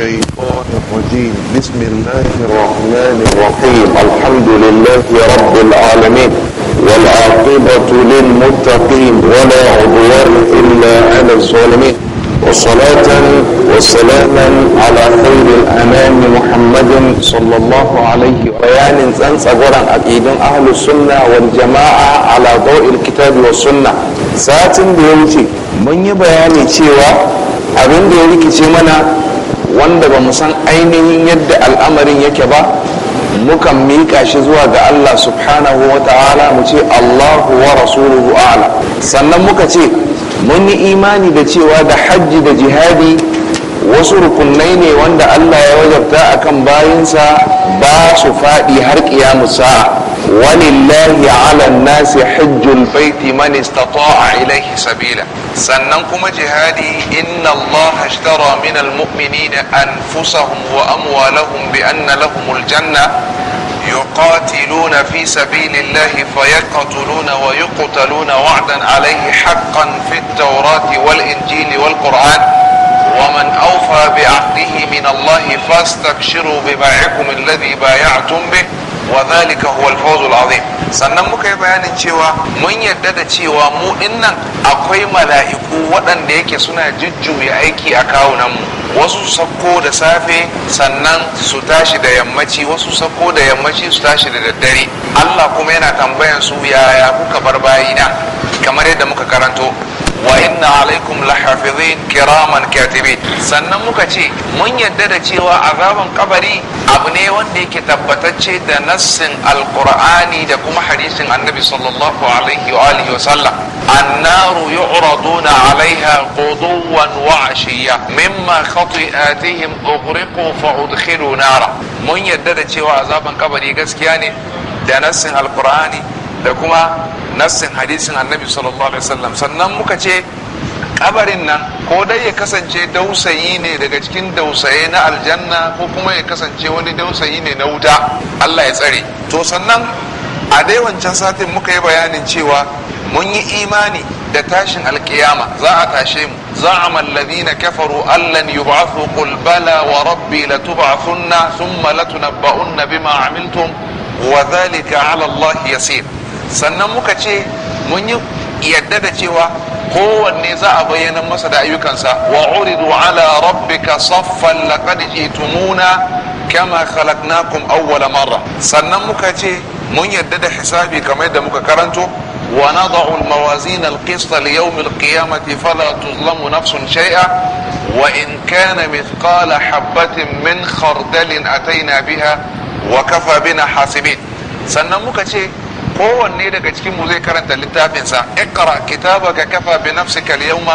الشيطان الرجيم بسم الله الرحمن الرحيم الحمد لله رب العالمين والعاقبة للمتقين ولا عدوان إلا على الظالمين وصلاة وسلاما على خير الأنام محمد صلى الله عليه بيان إنسان صغرا أكيد أهل السنة والجماعة على ضوء الكتاب والسنة ساتن بيوتي من يبياني cewa abin da ya rikice mana wanda ba mu san ainihin yadda al'amarin yake ba mukan miƙa shi zuwa ga Allah subhanahu wa ta'ala mu ce Allahu wa rasuluhu a'la sannan muka ce mun yi imani da cewa da hajji da jihadi wasu rukunai ne wanda Allah ya wajabta akan bayinsa ba su faɗi har ƙiyamusa walillahi ala nasi hajjul baiti man istata'a ilaihi sabila sannan kuma jihadi inna Allah ashtara min almu'minina anfusahum wa amwalahum bi anna lahumul janna yuqatiluna fi sabilillahi fayaqtuluna wa yuqtaluna wa'dan alayhi haqqan fit tawrati wal injili wal qur'an ومن أوفى بعهده من الله فاستبشروا ببيعكم الذي بايعتم به وذلك هو الفوز العظيم sannan muka yi bayanin cewa mun yarda da cewa mu nan, akwai mala'iku waɗanda yake suna jujjuya aiki a kawunanmu. mu wasu sako da safe sannan su tashi da yammaci wasu sako da yammaci su tashi da daddare Allah kuma yana tambayan su yaya kuka bar bayina kamar yadda muka karanto wa inna alaikum lahafizin kiraman katibi. sannan muka ce mun yadda da cewa azaban kabari abu ne wanda yake tabbatacce da nassin alqur'ani da kuma hadisin annabi sallallahu alaihi wa alihi wa sallam annaru yu'raduna alaiha quduwan wa ashiya mimma khati'atihim ughriqu fa udkhilu nara mun yadda da cewa azaban kabari gaskiya ne da nassin alqur'ani da kuma nassin hadisin annabi sallallahu alaihi sannan muka ce kabarin nan ko dai ya kasance dausayi ne daga cikin dausayi na aljanna ko kuma ya kasance wani dausayi ne na wuta Allah ya tsare to sannan a dai wancan satin muka yi bayanin cewa mun yi imani da tashin alkiyama za a tashe mu za'ama alladhina kafaru allan yub'athu qul bala wa rabbi latub'athunna thumma latunabba'unna bima 'amiltum wa dhalika 'ala Allah yasir sannan muka ce mun yi yadda da cewa kowanne za a bayyana masa da ayyukansa wa uridu ala rabbika saffan laqad jitumuna kama khalaqnakum awwala marra sannan muka ce mun yadda da hisabi kamar yadda muka karanto ونضع الموازين القسط ليوم القيامة فلا تظلم نفس شيئا وإن كان مثقال حبة من خردل أتينا بها وكفى بنا حاسبين سنموك شيء قوة نيدك تكي مذكرا للتافين سا اقرأ كتابك كفى بنفسك اليوم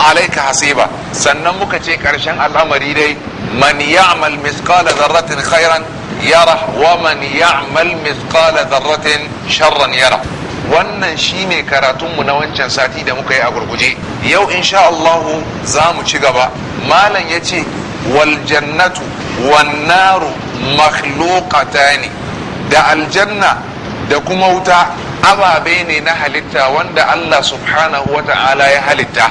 عليك حسيبا سنموك شيء كرشان الأمر إلي من يعمل مثقال ذرة خيرا يرى ومن يعمل مثقال ذرة شرا يرى wannan shi ne karatunmu na wancan sati da muka yi a gurguje yau insha Allahu za mu ci gaba malam ya ce wal jannatu wan naru makhluqatani da aljanna da kuma wuta ababe ne na halitta wanda Allah subhanahu wa ta'ala ya halitta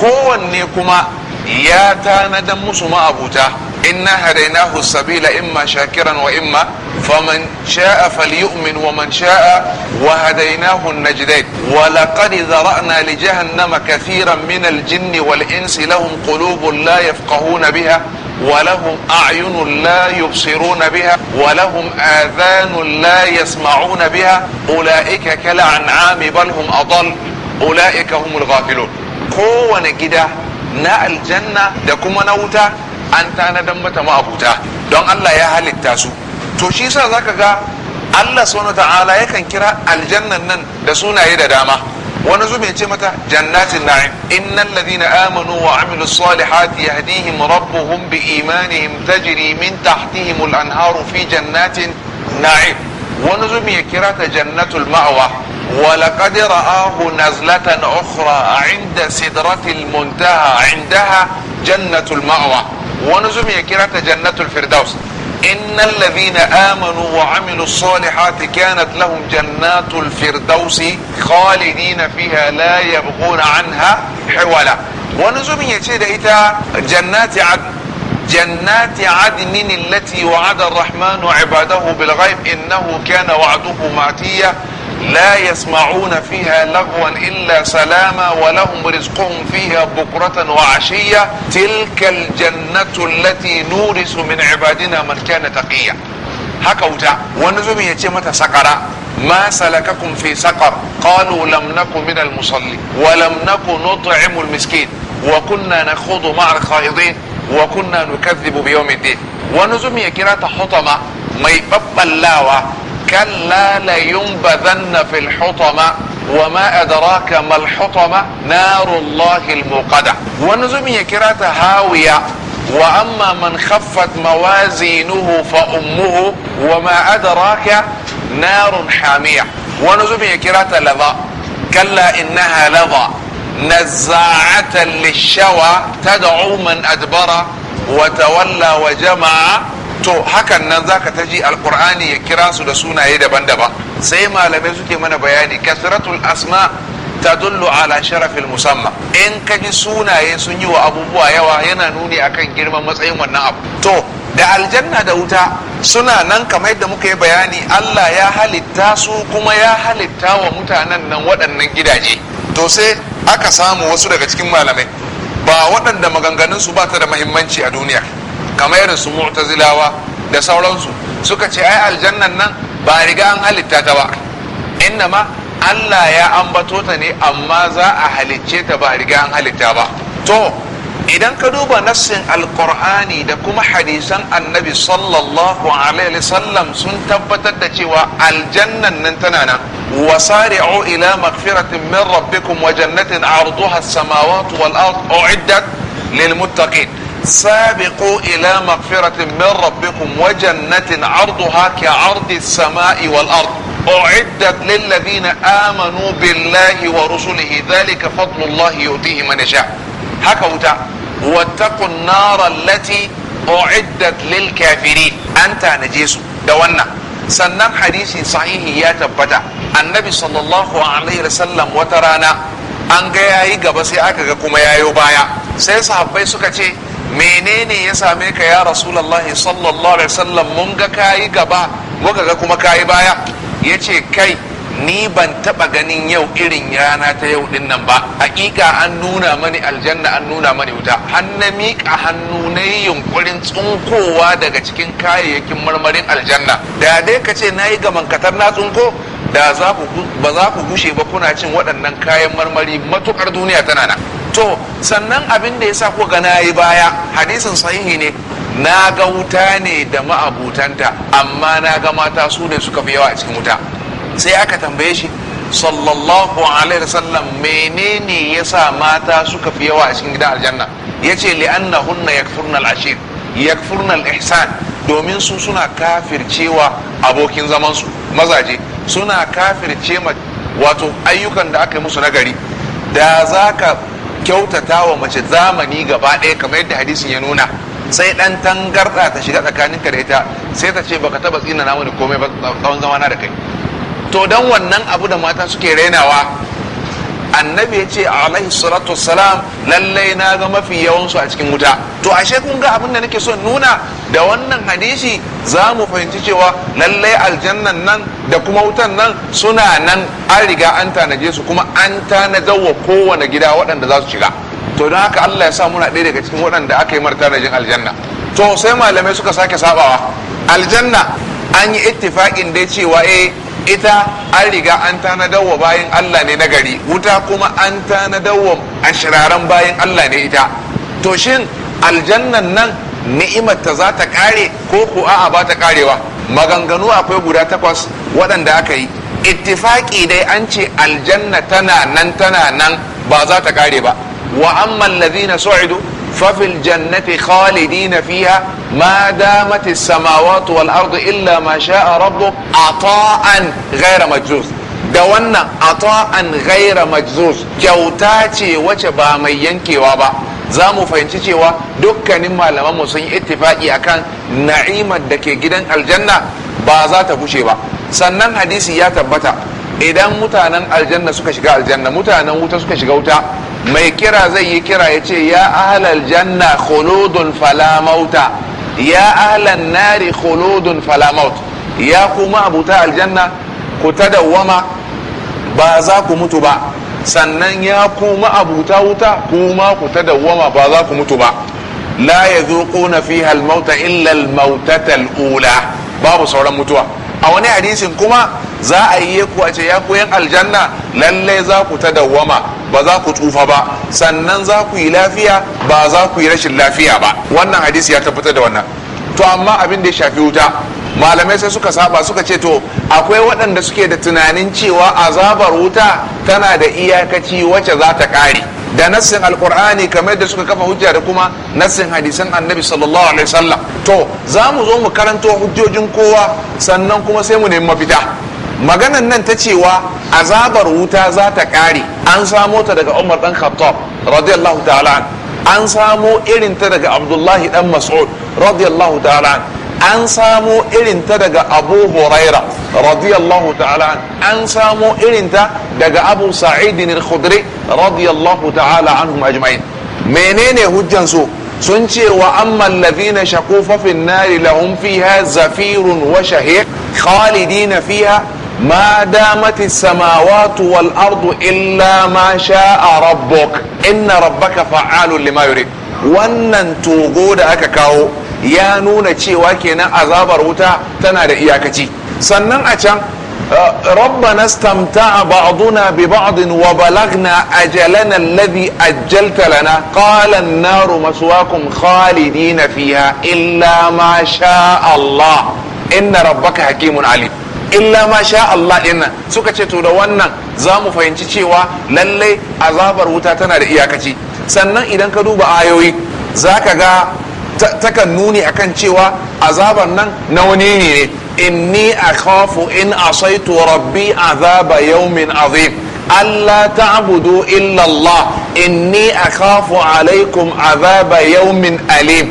kowanne kuma ya tanadan musu ma'abuta inna hadainahu sabila imma shakiran wa imma faman sha'a falyu'min wa man sha'a wa hadainahu an-najdayn wa laqad dhara'na li jahannama kathiran min al-jinni wal-insi lahum qulubun la yafqahuna biha ولهم أعين لا يبصرون بها ولهم آذان لا يسمعون بها أولئك كالأنعام بل هم أضل أولئك هم الغافلون kowane gida na aljanna da kuma na wuta an tanadan mata ma'abuta don Allah ya halitta su to shi sa zaka ga Allah subhanahu ta'ala yakan kira aljannan nan da sunaye da dama wani ya ce mata jannatin na'im innal ladina amanu wa amilu salihati yahdihim rabbuhum bi imanihim tajri min tahtihim al anharu fi jannatin na'im wani zume ya kira ta jannatul ma'wa ولقد رآه نزلة أخرى عند سدرة المنتهى عندها جنة المأوى ونزم يكرة جنة الفردوس إن الذين آمنوا وعملوا الصالحات كانت لهم جنات الفردوس خالدين فيها لا يبغون عنها حولا ونزم يتشد إتا جنات عدن جنات عدن التي وعد الرحمن عباده بالغيب إنه كان وعده ماتيا لا يسمعون فيها لغوا إلا سلاما ولهم رزقهم فيها بكرة وعشية تلك الجنة التي نورس من عبادنا من كان تقيا هكذا ونزوم يتيمة سقرة ما سلككم في سقر قالوا لم نكن من المصلي ولم نكن نطعم المسكين وكنا نخوض مع الخائضين وكنا نكذب بيوم الدين ونزم يكرات حطمة ما يببلاوة كلا لينبذن في الحطمة وما أدراك ما الحطمة نار الله الموقدة ونزم يكرات هاوية وأما من خفت موازينه فأمه وما أدراك نار حامية ونزم يكرات لظى كلا إنها لظى نزاعة للشوى تدعو من أدبر وتولى وجمع to hakan nan zaka ta ji alqur'ani ya kira su da sunaye daban-daban sai malamai suke mana bayani kasratul asma tadullu ala sharafil musamma in ka ji sunaye sun yi wa abubuwa yawa yana nuni akan girman matsayin wannan abu to da aljanna da wuta suna nan kamar yadda muka yi bayani Allah ya halitta su kuma ya halitta wa mutanen nan waɗannan gidaje to sai aka samu wasu daga cikin malamai ba waɗanda maganganunsu ba ta da mahimmanci a duniya kamar irin su mu'tazilawa da sauransu suka ce ai aljannan nan ba riga an halitta ta ba innama Allah ya ambato ta ne amma za a halicce ta ba riga an halitta ba to idan ka duba nassin alkur'ani da kuma hadisan annabi sallallahu alaihi sallam sun tabbatar da cewa aljannan nan tana nan sari'u ila magfiratin min rabbikum wa jannatin arduha as-samawati wal ard u'iddat lil muttaqin سابقوا إلى مغفرة من ربكم وجنة عرضها كعرض السماء والأرض أعدت للذين آمنوا بالله ورسله ذلك فضل الله يؤتيه من يشاء هكذا واتقوا النار التي أعدت للكافرين أنت نجيس دوانا سنن حديث صحيح يا تبتا النبي صلى الله عليه وسلم وترانا an ga yayi gaba sai aka ga kuma yayo baya sai sahabbai suka ce menene ya same ka ya rasulallah sallallahu alaihi wasallam mun ga kayi gaba muka ga kuma kayi baya yace kai ni ban taba ganin yau irin yana ta yau din nan ba hakika an nuna mani aljanna an nuna mani wuta har na miƙa hannu na yi yunkurin tsunkowa daga cikin kayayyakin marmarin aljanna da dai ka ce na yi gamankatar na tsunko da ba za ku gushe ba kuna cin waɗannan kayan marmari matuƙar duniya tana nan to sannan abin da ya sa kuka gana yi baya hadisin sahihi ne na ga wuta ne da ma'abutanta amma na ga mata su ne suka fi yawa a cikin wuta sai aka tambaye shi sallallahu alaihi wasallam menene ya sa mata suka fi yawa a cikin gidan aljanna Ya ce yace li'annahunna yakfurna al-ashir yakfurna al-ihsan domin su suna kafircewa abokin zamansu mazaje suna kafirce wato ayyukan da aka yi musu nagari da za ka. kyautata wa mace zamani gaba ɗaya kamar yadda hadisin ya nuna sai ɗan tangarɗa ta shiga tsakaninka da ita sai ta ce baka taba tsina na da komai ba tsawon zamana da kai to don wannan abu da mata suke rainawa. annabi ya ce alaihi salatu salam lallai na ga mafi yawansu a cikin wuta to ashe kun ga abin da nake son nuna da wannan hadisi za mu fahimci cewa lallai aljannan nan da kuma wutan nan suna nan an riga an tanaje su kuma an tanadar wa kowane gida waɗanda za su shiga to don haka Allah ya sa muna ɗaya daga cikin waɗanda aka yi martanajin aljanna to sai malamai suka sake sabawa aljanna an yi ittifaƙin dai cewa eh ita an riga an wa bayan Allah ne na gari wuta kuma an a ashiraran bayan Allah ne ita to shin aljannan nan ni'imar ta za ta kare ko ko a'a ba ta karewa maganganu akwai guda takwas waɗanda aka yi ittifaƙi dai an ce aljanna tana nan tana nan ba za ta kare ba wa amma alladhina su'idu ففي الجنة خالدين فيها ما دامت السماوات والأرض إلا ما شاء ربك عطاء غير مجزوز da wannan ata'an gaira majzuz kyauta ce wace ba mai yankewa ba za mu fahimci cewa dukkanin malamanmu sun yi ittifaki akan na'imar da ke gidan aljanna ba za ta bushe ba sannan hadisi ya tabbata idan mutanen aljanna suka shiga aljanna mutanen wuta suka shiga wuta mai kira zai yi kira ya ce ya ahlal janna khuludun fala mauta ya ahlan nari khuludun fala maut ya kuma abuta aljanna ku tadawwama ba za ku mutu ba sannan ya kuma abuta wuta kuma ku tadawwama ba za ku mutu ba la yadhuquna fiha fi mauta illa al-mautata ula babu sauran mutuwa a wani hadisin kuma za a yi ku a ce ya koyan aljanna lallai za ku ta dawwama ba za ku tsufa ba sannan za ku yi lafiya ba za ku yi rashin lafiya ba wannan hadisi ya tabbatar da wannan to amma abin da ya shafi wuta malamai sai suka saba suka ce to akwai waɗanda suke da tunanin cewa azabar wuta tana da iyakaci wacce za ta ƙare da nassin alkur'ani kamar da suka kafa hujja da kuma nassin hadisan annabi sallallahu alaihi wasallam to za mu zo mu karanto hujjojin kowa sannan kuma sai mu nemi mafita maganan nan ta cewa azabar wuta za ta kare an samo ta daga umar dan khattab radiyallahu ta'ala an samo irin ta daga abdullahi dan mas'ud radiyallahu ta'ala an samo irinta daga abu huraira radiyallahu ta'ala an samo irinta daga abu sa'idin al-khudri radiyallahu ta'ala anhum ajma'in menene hujjan su sun ce wa amma alladhina shaqu fa fi an nari lahum fiha zafirun wa shahiq khalidina fiha ma damat as-samawati wal-ardu illa ma sha'a rabbuk inna rabbaka fa'alun lima yurid wannan togo da aka kawo ya nuna cewa kenan azabar wuta tana da iyakaci sannan a can uh, rabbana stamta'a ba'duna bi ba'din wa balagna ajalana alladhi ajjalta lana qala an-naru maswaakum khalidina fiha illa ma sha'a Allah suka ce to da wannan za mu fahimci cewa lallai azabar wuta tana da iyakaci sannan idan ka duba ayoyi za ka ga takan nuni akan cewa azabar nan na wani ne ne inni kafu in asaitu rabbi azaba yaumin azim Allah ta'abudu illa Allah inni kafu alaikum azaba yaumin alim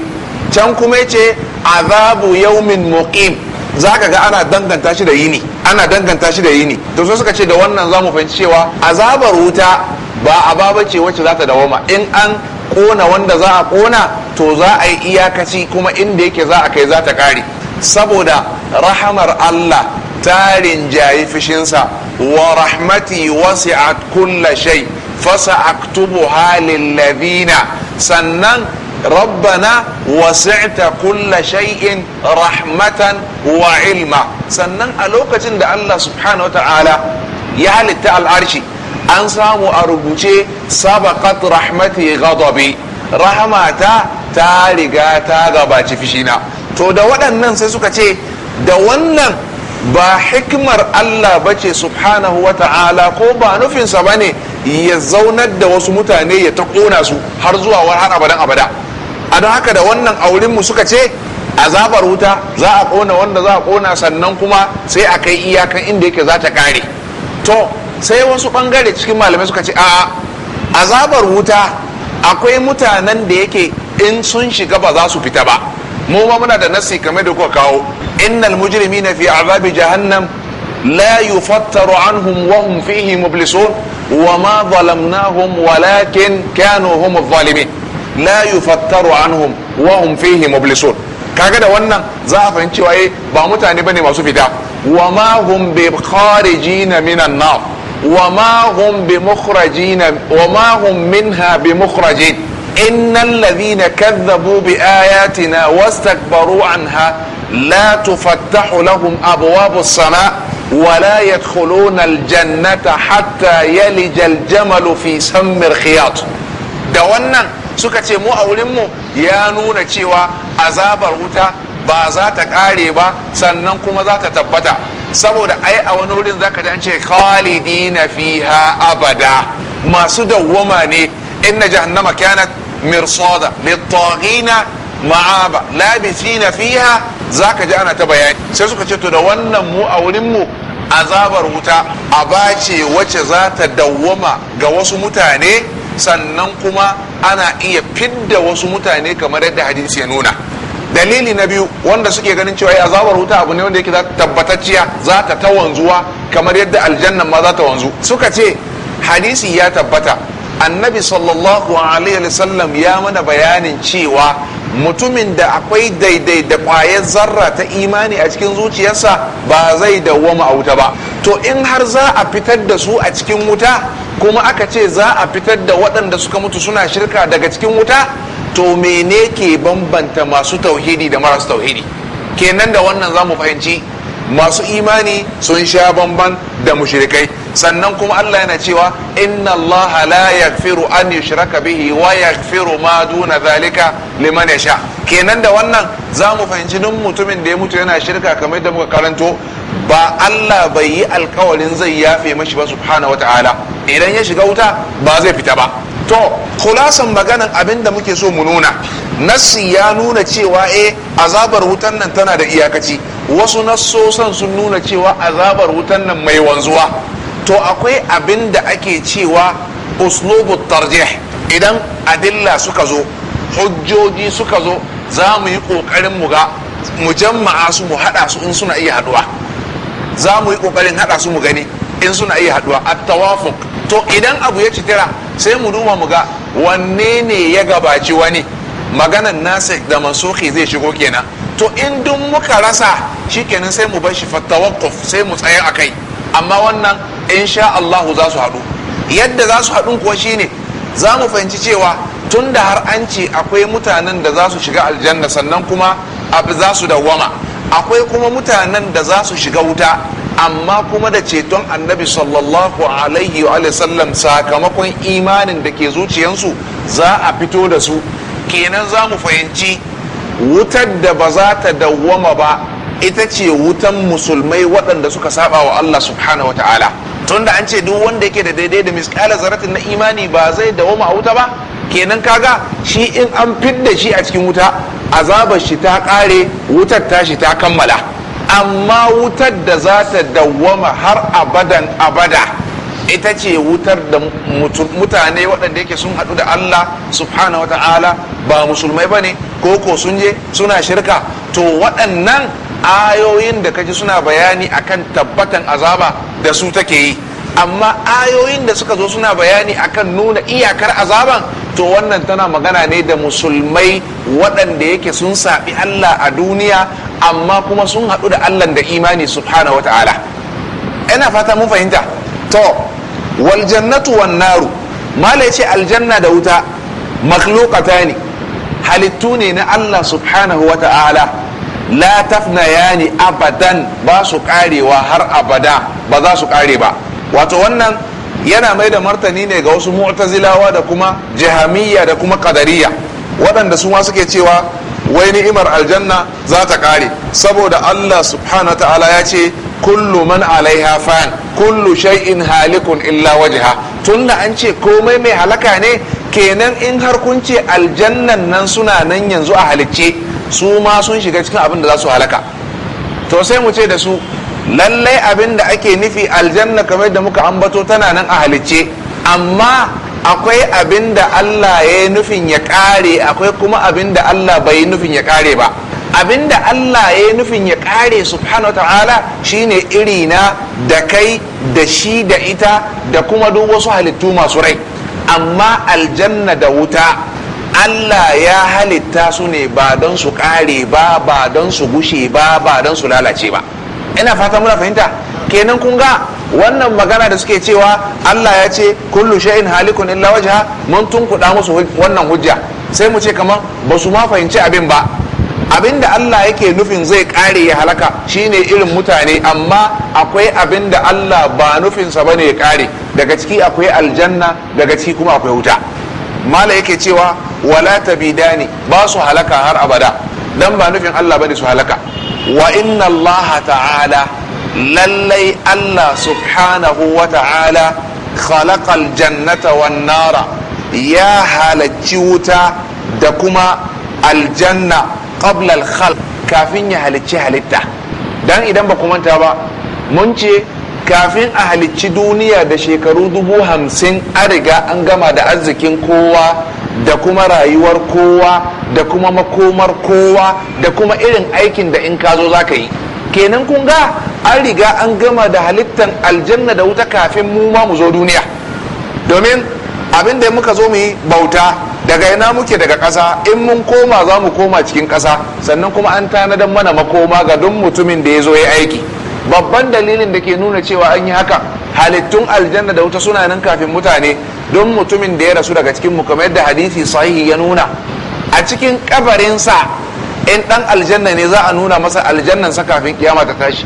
can kuma ce azabu yaumin muqim za ka ga ana danganta shi da yini ana danganta shi da yini to so suka ce da wannan za mu fahimci cewa azabar wuta ba a baba ce wacce za ta dawoma in an kona wanda za a kona to za a yi iyakaci kuma inda yake za a kai za ta kare saboda rahamar Allah tarin jayi fishinsa wa rahmati wasi'at kulla shay fasa aktubu halin lavina sannan rabbana wasi'ta kulla shay'in rahmatan wa ilma sannan a lokacin da Allah subhanahu ta'ala ya halitta al'arshi an samu a rubuce sabaqat rahmati ghadabi rahamata ta riga ta gabaci fishina to da waɗannan sai suka ce da wannan ba hikimar Allah bace subhanahu wa ta'ala ko ba nufinsa ba ne ya zaunar da wasu mutane ya ta ƙona su har zuwa har abadan abada a don haka da wannan aurinmu suka ce a zabar wuta za a kona wanda za a kona sannan kuma sai a kai iyakan inda yake za ta kare to sai wasu bangare cikin malamai suka ce a zabar wuta akwai mutanen da yake in sun shiga ba za su fita ba mu ma muna da nasi kamar da kuka kawo innal mujrimina fi azabi jahannam anhum wa hum fihi mublisun wa ma zalamnahum walakin kanu hum zalimin la yufattaru anhum wa hum fihi mublisun kaga da wannan za a fahimci cewa ba mutane bane masu fita wa ma hum bi kharijina minan nar wa ma hum bi mukhrajina wa ma hum minha bi mukhrajin innal ladhina kadhabu bi ayatina wastakbaru anha la tufattahu lahum abwabus sama ولا يدخلون الجنة حتى يلج الجمل في سم الخياط ده wannan suka ce mu a wurinmu ya nuna cewa azabar wuta ba za ta ƙare ba sannan kuma za ta tabbata saboda ai a wani wurin za ka an ce khalidina fiha abada masu dawwama ne inna jahannama kanat mirsada littaghina ma'aba labithina fiha zaka ji ana ta bayani sai suka ce to da wannan mu a wurinmu mu azabar wuta a bace wacce za ta dawwama ga wasu mutane sannan kuma ana iya fidda wasu mutane kamar yadda hadisi ya nuna dalili na biyu wanda suke ganin cewa azabar wuta abu ne wanda yake tabbatacciya za ta ta wanzuwa kamar yadda aljannan ma za ta wanzu suka ce hadisi ya tabbata annabi sallallahu alaihi wasallam ya mana bayanin cewa mutumin da akwai daidai da kwayar zarra ta imani a cikin zuciyarsa ba zai dawwama a wuta ba to in har za a fitar da su a cikin wuta kuma aka ce za a fitar da waɗanda suka mutu suna shirka daga cikin wuta to mene ke bambanta masu tauhidi da marasu tauhidi kenan da wannan za mu fahimci masu imani sun sha bamban da mushrikai sannan kuma Allah yana cewa inna Allah la yaghfiru an yushraka bihi wa yaghfiru ma duna zalika liman yasha kenan da wannan za mu fahimci duk mutumin da ya mutu yana shirka kamar da muka karanto ba Allah bai yi alkawarin zai yafe mashi ba subhanahu wata'ala idan ya shiga wuta ba zai fita ba to kulasan maganan abin da muke so mu nuna nassi ya nuna cewa eh azabar wutan nan tana da iyakaci wasu nassosan sun nuna cewa azabar wutan nan mai wanzuwa to akwai abin da ake cewa uslubu tarjih idan adilla suka zo hujjoji suka zo za mu yi ƙoƙarin mu ga mu jamma'a su mu haɗa su in suna iya haɗuwa za mu yi ƙoƙarin haɗa su mu gani in suna iya haɗuwa a tawafuk to idan abu ya ci tira sai mu duba mu ga wanne ne ya gabaci wani maganan nasa da masoki zai shigo kenan to in duk muka rasa shikenan sai mu bar shi fatawakuf sai mu a kai, amma wannan insha Allah za su haɗu yadda za su haɗu kuwa shine za mu fahimci cewa tun da har an ce akwai mutanen da za su shiga aljanna sannan kuma abu za su dawwama akwai kuma mutanen da za su shiga wuta amma kuma da ceton annabi sallallahu alaihi wa sallam sakamakon imanin da ke zuciyansu za a fito da su kenan za mu fahimci wutar da ba za ta dawwama ba ita ce wutan musulmai waɗanda suka saba wa Allah subhanahu wa ta'ala tunda an ce duk wanda yake da daidai da miskala zaratin na imani ba zai dawoma a wuta ba kenan kaga shi in an fidda shi a cikin wuta azabar shi ta kare wutar ta shi ta kammala amma wutar da za ta dawwama har abadan abada ita ce wutar da mutane waɗanda yake sun haɗu da Allah subhanahu ta'ala ba musulmai ba ne ko ko sun je suna shirka to waɗannan ayoyin da kaji suna bayani akan tabbatan azaba da su take yi amma ayoyin da suka zo suna bayani akan nuna iyakar azaban to wannan tana magana ne da musulmai waɗanda yake sun saɓi Allah a duniya amma kuma sun haɗu da Allah da imani subhanahu wata'ala ina fata mun fahimta to wal jannatu wan naru mala yace aljanna da wuta makhluqatani ne halittu ne na Allah subhanahu wata'ala la tafna yani abadan ba su karewa har abada ba za su kare ba wato wannan yana mai da martani ne ga wasu mu'tazilawa da kuma jahamiyya da kuma qadariyya waɗanda su ma suke cewa wai ni'imar aljanna za ta kare saboda Allah subhanahu ta'ala ya ce kullu man alaiha fan kullu shay'in halikun illa wajha tunda an ce komai mai halaka ne kenan in har kun ce aljannan nan suna nan yanzu a halicce su ma sun shiga cikin abin da za su halaka to sai mu ce da su lallai abin da ake nufi aljanna kamar da muka ambato tana nan a halicce amma akwai abin da Allah ya yi nufin ya kare akwai kuma abin da Allah bai yi nufin ya kare ba abin da Allah ya yi nufin ya kare subhanahu wa ta'ala shine iri na da kai da shi da ita da kuma duk wasu halittu masu rai amma aljanna da wuta Allah ya halitta su ne ba don su ƙare ba ba don su gushe ba ba don su lalace ba ina fata muna fahimta kenan kun ga wannan magana da suke cewa Allah ya ce kullu shay'in halikun illa wajha mun tunkuɗa musu wannan hujja sai mu ce kamar ba su ma fahimci abin ba abin da Allah yake nufin zai ƙare ya halaka shine irin mutane amma akwai abin da Allah ba nufinsa bane ya ƙare daga ciki akwai aljanna daga ciki kuma akwai wuta mala yake cewa wala tabidani ba su halaka har abada dan ba nufin Allah bane su halaka wa inna Allah ta'ala lallai Allah subhanahu wa ta'ala khalaqal jannata wan nara ya halacci wuta da kuma aljanna qabla al khalq kafin ya halicci halitta dan idan ba ku manta ba mun ce kafin a halicci duniya da shekaru dubu hamsin a riga an gama da arzikin kowa da kuma rayuwar kowa da kuma makomar kowa da kuma irin aikin da in ka zo za ka yi kenan kun ga an riga an gama da halittar aljanna da wuta kafin mu ma mu zo duniya domin abin da muka zo mu yi bauta daga ina muke daga ƙasa in mun koma za mu koma cikin ƙasa sannan kuma an tanadar mana makoma ga duk mutumin da ya zo ya aiki babban dalilin da ke nuna cewa an yi haka halittun aljanna da wuta suna nan kafin mutane don mutumin da ya rasu daga cikin mu kamar yadda hadisi sahihi ya nuna a cikin kabarinsa in dan aljanna ne za a nuna masa aljannansa kafin kiyama ta tashi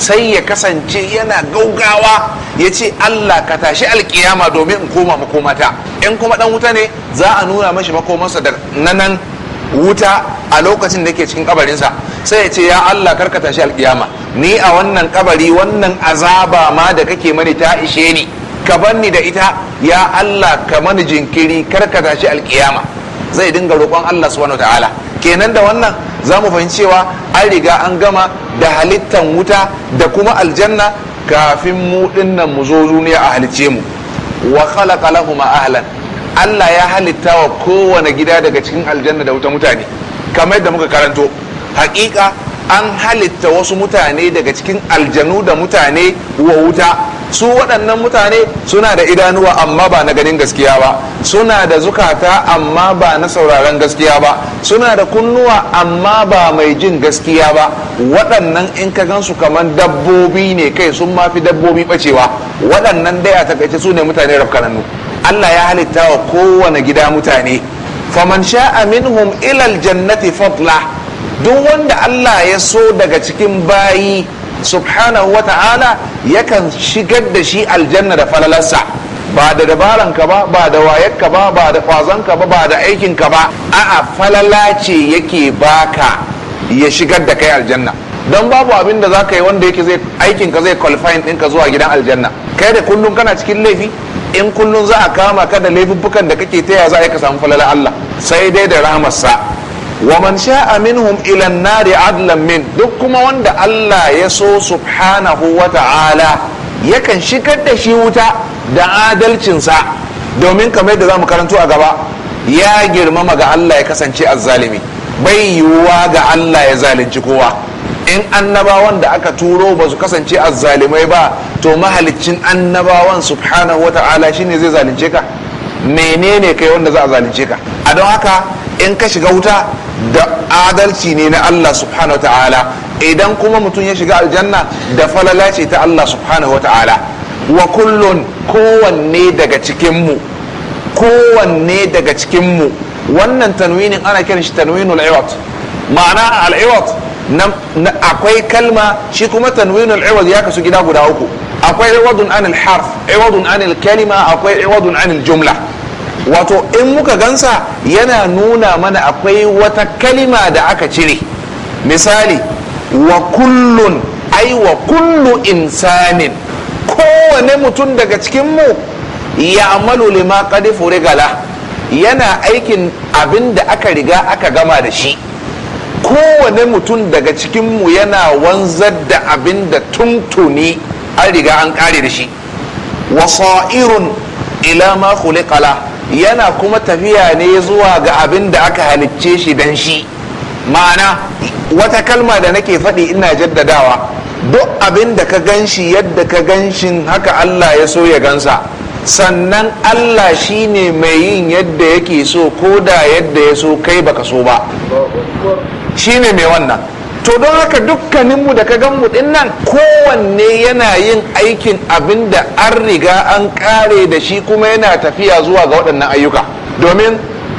sai ya kasance yana gaugawa ya ce Allah ka tashi alkiyama domin in koma makomata in kuma ɗan wuta ne za a nuna mashi makomansa da nanan wuta a lokacin da ke cikin kabarinsa sai ya ce ya Allah karka tashi alkiyama ni a wannan kabari wannan azaba ma da kake mani ta ishe ni ka banni da ita ya Allah ka mani jinkiri kar ka tashi alkiyama zai dinga roƙon Allah subhanahu ta'ala kenan da wannan za mu fahimci cewa an riga an gama da halittan wuta da kuma aljanna kafin mu dinnan mu zo duniya a halice mu wa khalaqa lahum ahlan Allah ya halitta wa kowane gida daga cikin aljanna da wuta mutane kamar yadda muka karanto haƙiƙa an halitta wasu mutane daga cikin aljanu da mutane wa wuta su waɗannan mutane suna da idanuwa amma ba na ganin gaskiya ba suna da zukata amma ba na sauraron gaskiya ba suna da kunnuwa amma ba mai jin gaskiya ba waɗannan in ka gan su kamar dabbobi ne kai sun mafi dabbobi ɓacewa. waɗannan dai a takaice su ne mutane rafkanannu allah ya halitta wa kowane gida mutane faman sha'a minhum ilal jannati fadla duk wanda Allah ya so daga cikin bayi subhanahu wa ta'ala yakan shigar da shi aljanna da falalarsa ba da dabaranka ba ba da wayarka ba ba da kwazonka ba ba da aikinka ba a'a falala ce yake baka ya shigar da kai aljanna don babu abin da za ka yi wanda yake zai aikin ka zai qualifying ka zuwa gidan aljanna kai da kullum kana cikin laifi in kullum za a kama ka da laifuffukan da kake taya za a yi ka samu falala Allah sai dai da rahamarsa wa man sha'a minhum ila nari adlan min duk kuma wanda Allah ya so subhanahu wa ta'ala yakan shigar da shi wuta da adalcinsa domin kamar yadda zamu karanto a gaba ya girmama ga Allah ya kasance zalimi. bai yiwuwa ga Allah ya zalunci kowa in annabawan da aka turo ba su kasance zalimai ba to mahaliccin annabawan subhanahu wa ta'ala shine zai zalunce ka menene kai wanda za a zalunce ka a don haka in ka shiga wuta da adalci ne na Allah subhanahu ta'ala idan kuma mutum ya shiga aljanna da falala ce ta Allah subhanahu ta'ala wa kullun kowanne daga cikinmu kowanne daga cikinmu wannan tanwinin ana kiran shi tanwinul iwat ma'ana al-iwat akwai kalma shi kuma tanwinul iwat ya kasu gida guda uku akwai iwadun anil harf iwadun anil kalima akwai iwadun anil jumla wato in muka gansa yana nuna mana akwai wata kalima da aka cire misali wa kullun ai wa kullu insanin kowane mutum daga cikinmu ya amalu lima qadifu rigala yana aikin abin da aka riga aka gama da shi kowane mutum daga cikinmu yana wanzar da abin da tuntuni an riga an kare da shi wasa'irun ila ma khuliqala yana kuma tafiya ne zuwa ga abin da aka halicce shi don shi ma'ana wata kalma da nake faɗi ina jaddadawa duk abin da ka gan shi yadda ka gan shi haka allah ya so ya gansa sannan allah shi ne mai yin yadda yake so ko da yadda ya so kai baka so ba shi ne mai wannan to don haka dukkaninmu da ka ganmu din nan kowanne yana yin aikin abin da an riga an kare da shi kuma yana tafiya zuwa ga waɗannan ayyuka domin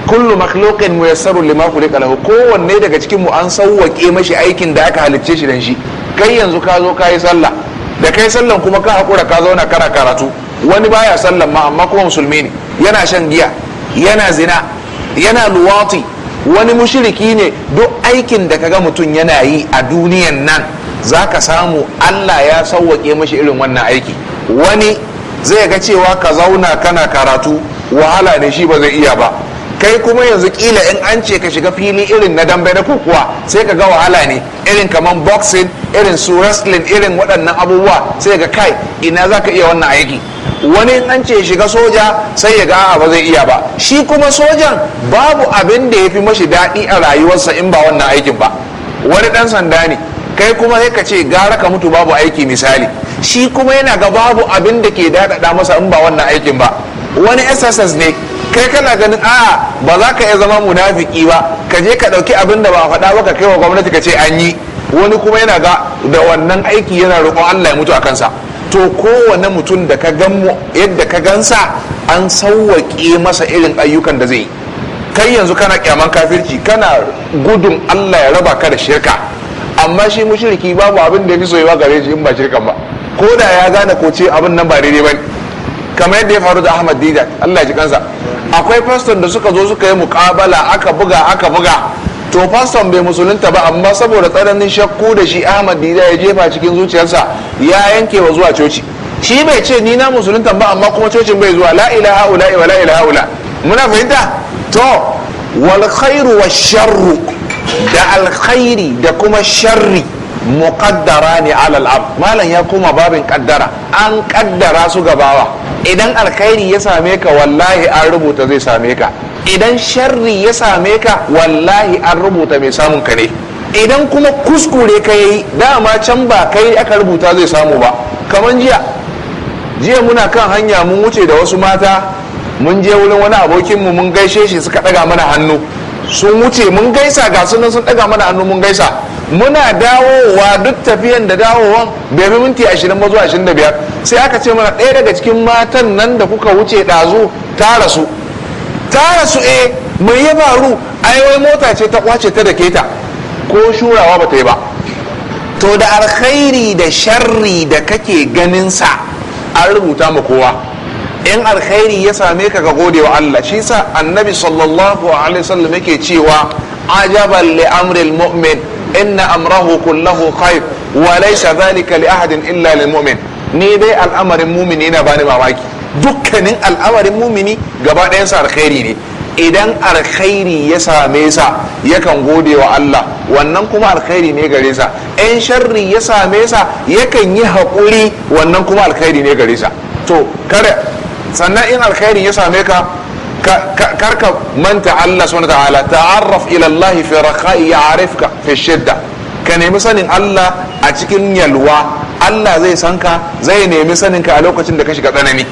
mu makhluqin muyassaru lima khuliqa lahu kowanne daga cikin mu an sauwaƙe mashi aikin da aka halicce shi dan shi kai yanzu ka zo ka yi sallah da kai sallan kuma ka hakura ka zauna kana karatu wani baya sallan ma amma kuma musulmi ne yana shan giya yana zina yana luwati wani mushiriki ne duk aikin da kaga mutum yana yi a duniyan nan za ka samu allah ya sauwaƙe mashi irin wannan aiki wani zai ga cewa ka zauna kana karatu wahala ne shi ba zai iya ba kai kuma yanzu kila in an ce ka shiga fili irin na dambe na kukuwa sai ka ga wahala ne irin kamar boxing irin su wrestling irin waɗannan abubuwa sai ga kai ina za ka iya wannan aiki wani in an ce shiga soja sai ya ga ba zai iya ba shi kuma sojan babu abin da ya fi mashi daɗi a rayuwarsa in ba wannan aikin ba wani ɗan sanda ne kai kuma sai ka ce gara ka mutu babu aiki misali shi kuma yana ga babu abin da ke daɗaɗa masa in ba wannan aikin ba wani sss ne kai kana ganin a ba za ka iya zama munafiki ba ka je ka ɗauki abin da ba a faɗa ba ka kai wa gwamnati ka ce an yi wani kuma yana ga da wannan aiki yana roƙon Allah ya mutu a kansa to kowane mutum da ka gan yadda ka gansa an sauwaƙe masa irin ayyukan da zai yi kai yanzu kana kyaman kafirci kana gudun Allah ya raba ka da shirka amma shi mushriki babu abin da ya fi soyawa gare shi in ba shirkan ba ko da ya gane ko ce abin nan ba daidai ba kamar yadda ya faru da Ahmad Didat Allah ya ji kansa akwai faston da suka zo suka yi mukabala aka buga aka buga to faston bai musulunta ba amma saboda tsananin shakku da shi ahmad dida ya jefa cikin zuciyarsa ya yanke wa zuwa coci shi bai ce ni na musulunta ba amma kuma cocin bai zuwa la ilaha ula wa la ilaha ula muna fahimta to wal khairu wa sharru da alkhairi da kuma sharri Muƙaddara ne alal ab. malam ya koma babin ƙaddara. an ƙaddara su gabawa idan alkhairi ya same ka wallahi an rubuta zai same ka idan sharri ya same ka wallahi an rubuta mai samun ka ne idan kuma kuskure ka yi dama can ba kai aka rubuta zai samu ba kamar jiya jiya muna kan hanya mun wuce da wasu mata mun je wurin wani abokinmu mun gaishe shi suka ɗaga mana hannu sun wuce mun gaisa ga sunan sun ɗaga mana hannu mun gaisa muna dawowa duk tafiyan da dawowa bai fi minti ashirin ba zuwa ashirin da biyar sai aka ce mana ɗaya daga cikin matan nan da kuka wuce ɗazu ta rasu ta rasu eh mai ya faru ai wai mota ce ta kwace ta da keta ko shurawa ba ta yi ba to da alkhairi da sharri da kake ganin sa an rubuta ma kowa in alkhairi ya same ka ga gode wa Allah shi sa annabi sallallahu alaihi wasallam yake cewa ajaban li amril mu'min إن kullahu كله خير وليس ذلك ahadin إلا mumin. ni dai al'amarin mumini na bani mamaki dukkanin al'amarin mumini gaba ɗayansa alkhairi ne idan alkhairi ya same sa yakan gode wa Allah wannan kuma alkhairi ne gare sa in sharri ya same sa yakan yi haƙuri wannan kuma alkhairi ne gare sa to kada sannan in alkhairi ya same ka karka manta Allah subhanahu ta'ala ta'arraf ila Allah fi raqa'i ya'rifka fi shidda ka nemi sanin Allah a cikin yalwa Allah zai san ka zai nemi sanin ka a lokacin da ka shiga tsanani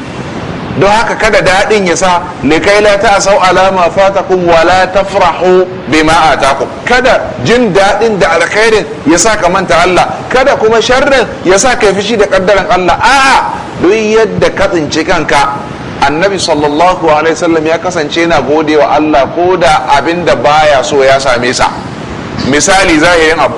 don haka kada daɗin ya sa likai la sau alama fatakum wa la tafrahu bima atakum kada jin daɗin da alkhairin ya sa ka manta Allah kada kuma sharrin ya sa ka fishi da kaddaran Allah a'a duk yadda ka tsinci kanka annabi sallallahu alaihi wasallam ya kasance na gode wa Allah ko da abin da baya so ya same sa misali zahirin abu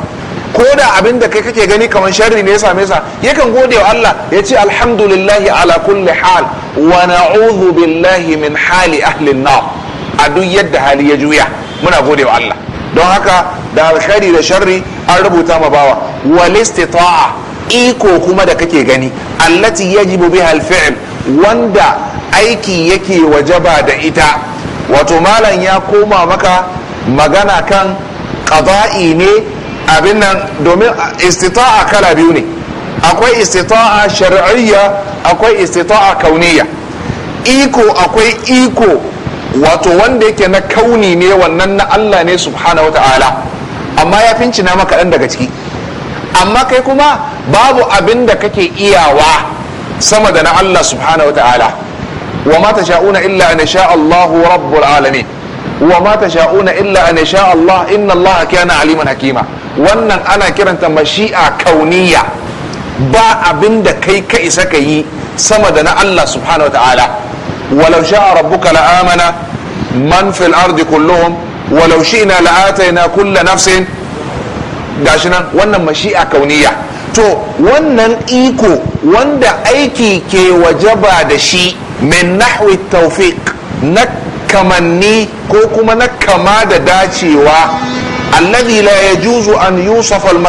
ko da abin da kai kake gani kamar sharri ne ya same sa yakan gode wa Allah ya ce alhamdulillahi ala kulli hal wa na'udhu billahi min hali ahli nar a duk yadda hali ya juya muna gode wa Allah don haka da alkhairi da sharri an rubuta ma bawa wal istita'a iko kuma da kake gani allati yajibu biha al-fi'l wanda aiki yake wajaba da ita wato malam ya koma maka magana kan ƙaba'i ne abin nan domin istita'a kala biyu ne akwai istita'a shari'ayya. akwai istita'a kauniyya iko akwai iko wato wanda yake na kauni ne wannan na Allah ne subhanahu ta'ala amma ya fincina maka ɗan daga ciki amma kai kuma babu abin da kake iyawa sama da na Allah subhanahu ta'ala wa ma tasha'una illa an yasha Allah rabbul alamin wa ma tasha'una illa an yasha Allah inna Allah kana aliman hakima wannan ana kiranta mashi'a kauniya ba abinda kai ka isa ka yi sama da na Allah subhanahu ta'ala. walau sha'a rabbuka la amana man fil ardi kulluhum walau shi'na la kulla nafsin gashi nan wannan mashi'a kauniya to wannan iko wanda aiki ke wajaba da shi min nahwi tawfiq na kamanni ko kuma na kama da dacewa alladhi la yajuzu an yusafa al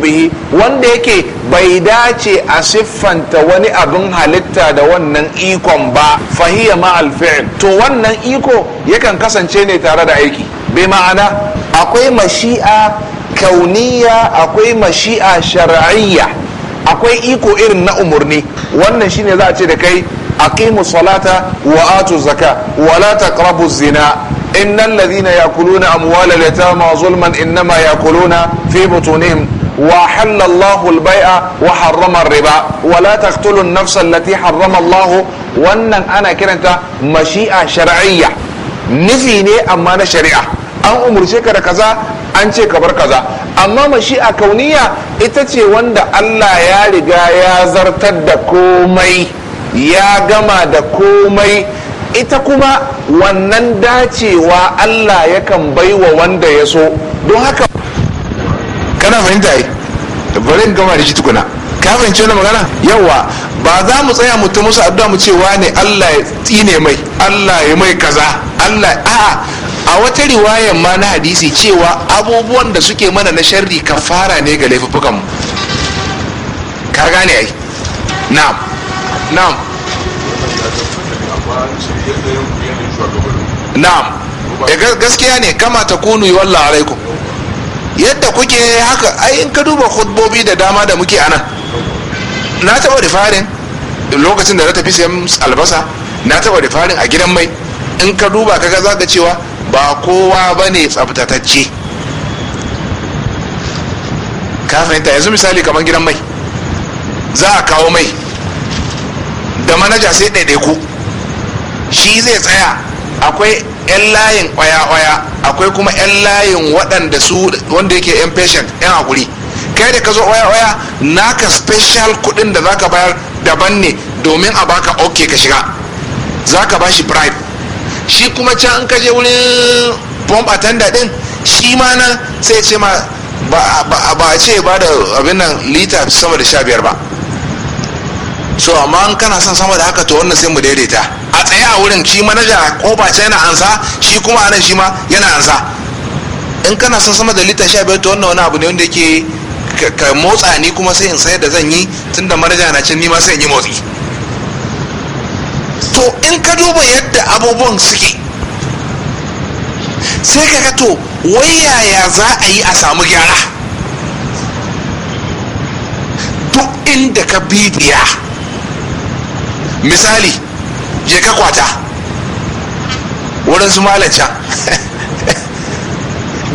bihi wanda yake bai dace a siffanta wani abin halitta da wannan ikon ba fahiya ma al-fi'l to wannan iko yakan kasance ne tare da aiki bai ma'ana akwai mashi'a kauniya akwai mashi'a shar'iyya akwai iko irin na umurni. wannan shine za a ce da kai aqimu salata wa atu zaka wa la taqrabu zina innal ladhina yakuluna amwala al-yatama zulman innama yakuluna fi butunihim وحل الله riba wa la taqtulu an-nafsa allati harrama Allah wannan ana kiranta mashi'a shar'iyya nufi ne amma na shari'a an umurce ka da kaza an ce ka kaza amma a kauniya ita ce wanda Allah ya riga ya zartar da komai ya gama da komai ita kuma wannan dacewa Allah ya kan baiwa wanda ya so don haka kana fahimta yi bari gama da shi tukuna ka fahimci wani magana yawa ba za mu tsaya mu ta musu addu'a mu ce ne Allah ya tsine mai Allah ya mai kaza Allah a'a a wata riwayan ma na hadisi cewa abubuwan da suke mana na sharri kafara ne ga laifukanmu. ka gane ai na'am na'am na'am eh, gaskiya ne kama ta kunu wallah alaikum yadda kuke haka ai in ka duba hudbobi da dama da muke anan na taba rifarin lokacin da na tafi sayan albasa na taba rifarin a gidan mai in ka duba kaga za ka cewa ba kowa ba ne tsabtatacce ka fahimta yanzu misali kamar gidan mai za a kawo mai da manaja sai ɗaiɗaiku shi zai tsaya akwai 'yan layin kwaya-kwaya akwai kuma 'yan layin waɗanda su wanda yake 'yan patient 'yan hakuri kai da ka zo kwaya-kwaya naka special kuɗin da za ka bayar daban ne domin a baka ok ka shiga za ka ba shi bribe shi kuma can an kaje wurin pomp attendant din shi ma nan sai ce ma ba a ce ba da abin nan lita sama da sha biyar ba so amma an kana son sama da haka to wannan sai mu daidaita a tsaye a wurin shi manaja ko ba ce yana ansa shi kuma anan shi ma yana ansa in kana son sama da lita sha biyar to wannan wani abu ne wanda yake ka motsa ni kuma sai in sayar da zan yi tunda manaja na cin ni ma sai in yi motsi to in ka duba yadda abubuwan suke sai ka ga to wai yaya za a yi a samu gyara duk inda ka bibiya misali je ka kwata wurin su